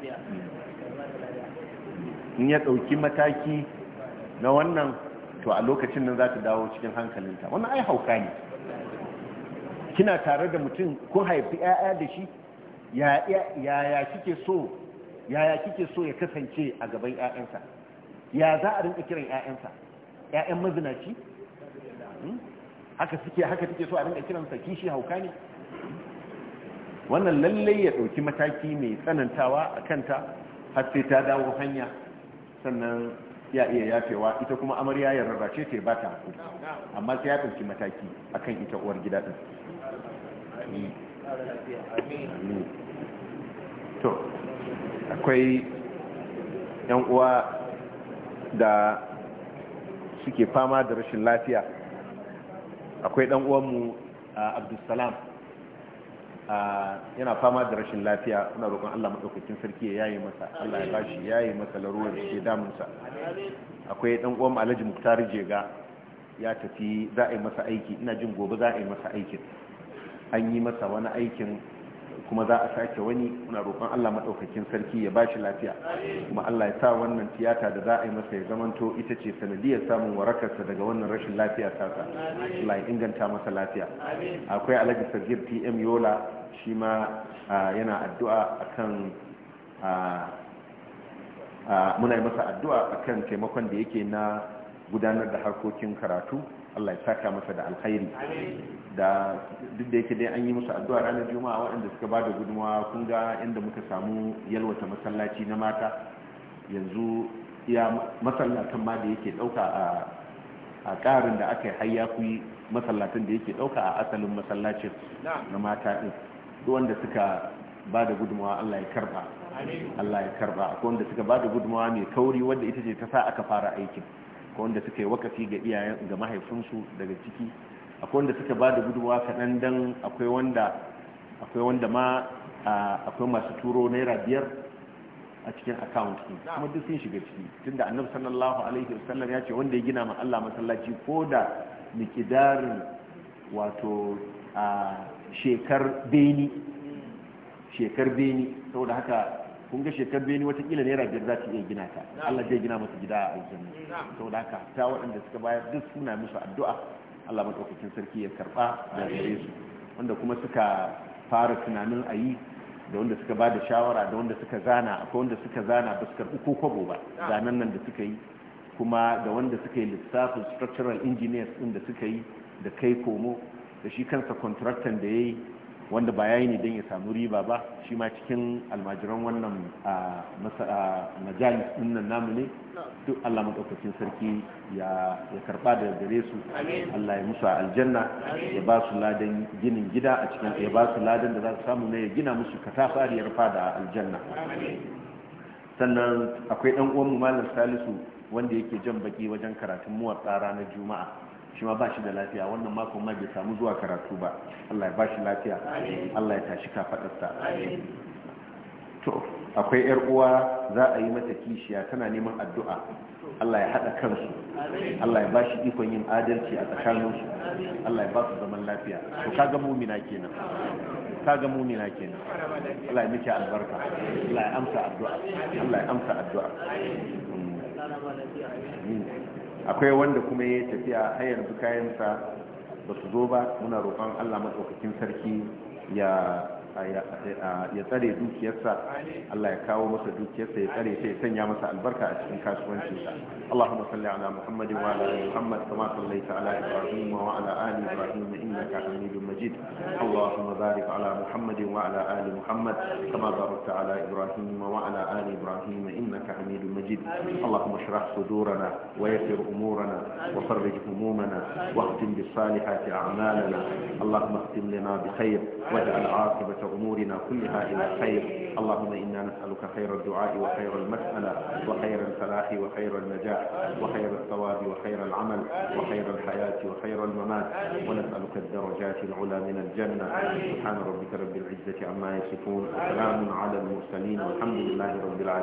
hmm. in ya dauki mataki na wannan to a lokacin nan za ta dawo cikin hankalinta wannan ai hauka ne kina tare da mutum kun haifi 'ya'ya da shi yaya kike so yaya kike so ya kasance a gaban 'ya'yansa ya za a rinka kiran 'ya'yansa 'ya'yan mazinaci hmm? haka suke haka take so a rinka kiransa kishi hauka ne wannan lallai ya ɗauki mataki mai tsanantawa a kanta har sai ta dawo hanya sannan ya iya yafewa ita kuma amarya ya rarrace ta ba ta amma sai ya ɗauki mataki akan ita uwar gida din to akwai yan uwa da suke fama da rashin lafiya akwai dan uwanmu abdulsalam yana fama da rashin lafiya muna roƙon Allah madaukakin sarki ya yi masa Allah ya bashi ya yi masa larurar da ke damunsa akwai dan uwan Alhaji Muktar Jega ya tafi za a yi masa aiki ina jin gobe za a yi masa aikin an yi masa wani aikin kuma za a sake wani muna roƙon Allah maɗaukakin sarki ya ba shi lafiya kuma Allah ya sa wannan tiyata da za a yi masa ya zamanto ita ce sanadiyar samun warakarsa daga wannan rashin lafiya tasa Allah ya inganta masa lafiya akwai Alhaji Sagir PM Yola shi ma yana addu'a akan muna yi masa addu'a akan taimakon da yake na gudanar da harkokin karatu Allah ya saka masa da alkhairi da duk da yake dai an yi musu addu'a ranar juma'a waɗanda suka ba da gudunmawa kun ga inda muka samu yalwata masallaci na mata yanzu ya masallatan ma da yake ɗauka a ƙarin da aka yi hayya kuyi masallatan da yake ɗauka a asalin masallacin na mata ɗin duk wanda suka ba da gudunmawa Allah ya karba Allah ya karba akwai wanda suka ba da gudunmawa mai kauri wanda ita ce ta sa aka fara aikin akwai wanda suka yi wakafi ga iyayen ga mahaifinsu daga ciki akwai wanda suka ba da gudunwa kaɗan dan akwai wanda akwai wanda ma akwai masu turo naira biyar a cikin account ɗin kuma duk sun shiga ciki tunda annabi sallallahu alaihi wasallam ya ce wanda ya gina ma Allah masallaci ko da mikidarin wato a shekar beni shekar beni saboda haka kun ga shekar beni watakila naira biyar za ta iya gina ta Allah zai gina masa gida a aljanna saboda haka ta waɗanda suka bayar duk suna musu addu'a Allah madaukakin sarki ya karɓa. da gare su wanda kuma suka fara tunanin a yi da wanda suka ba da shawara da wanda suka zana akwai wanda suka zana ba su karɓi ko kwabo ba zanen nan da suka yi kuma da wanda suka yi lissafin structural engineers ɗin da suka yi da kai komo da shi kansa contractor da ya wanda ba ya yi ne don ya samu riba ba shi ma cikin almajiran wannan majalis namu ne duk Allah maɗaukacin sarki ya karba da gare su Allah ya musu aljanna ya ba su ladan ginin gida a cikin ya ba su ladan da za su samu na ya gina musu katafariyar fada aljanna sannan akwai ɗan uwan mu malam Salisu wanda yake jan baki wajen karatun tsara na Juma'a shi ma ba shi da lafiya wannan makon ma bai samu zuwa karatu ba Allah ya ba shi lafiya Allah ya tashi kafadarsa to akwai yar uwa za a yi mata kishiya tana neman addu'a Allah ya hada kansu Allah ya bashi ikon yin adalci a tsakaninsu Allah ya ba su zaman lafiya to kaga mumina kenan kaga mumina kenan Allah ya miki albarka Allah ya amsa addu'a Allah ya amsa addu'a amin mm. akwai wanda kuma ya tafiya har yanzu kayansa ba su zo ba muna roƙon allah maɗaukakin sarki ya ya tsare dukiyarsa Allah ya kawo masa dukiyarsa ya tsare ta ya sanya masa albarka a cikin kasuwancinsa Allahumma salli ala Muhammad wa ala ali Muhammad kama sallaita ala Ibrahim wa ala ali Ibrahim innaka Hamidum Majid Allahumma barik ala Muhammad wa ala ali Muhammad kama barakta ala Ibrahim wa ala ali Ibrahim innaka Hamidum Majid Allahumma shrah صدورنا ويسر أمورنا وفرج همومنا واختم بالصالحات أعمالنا اللهم اختم لنا بخير واجعل عاقبة أمورنا كلها إلى خير اللهم إنا نسألك خير الدعاء وخير المسألة وخير الفلاح وخير النجاح وخير الثواب وخير العمل وخير الحياة وخير الممات ونسألك الدرجات العلى من الجنة سبحان ربك رب العزة عما يصفون وسلام على المرسلين والحمد لله رب العالمين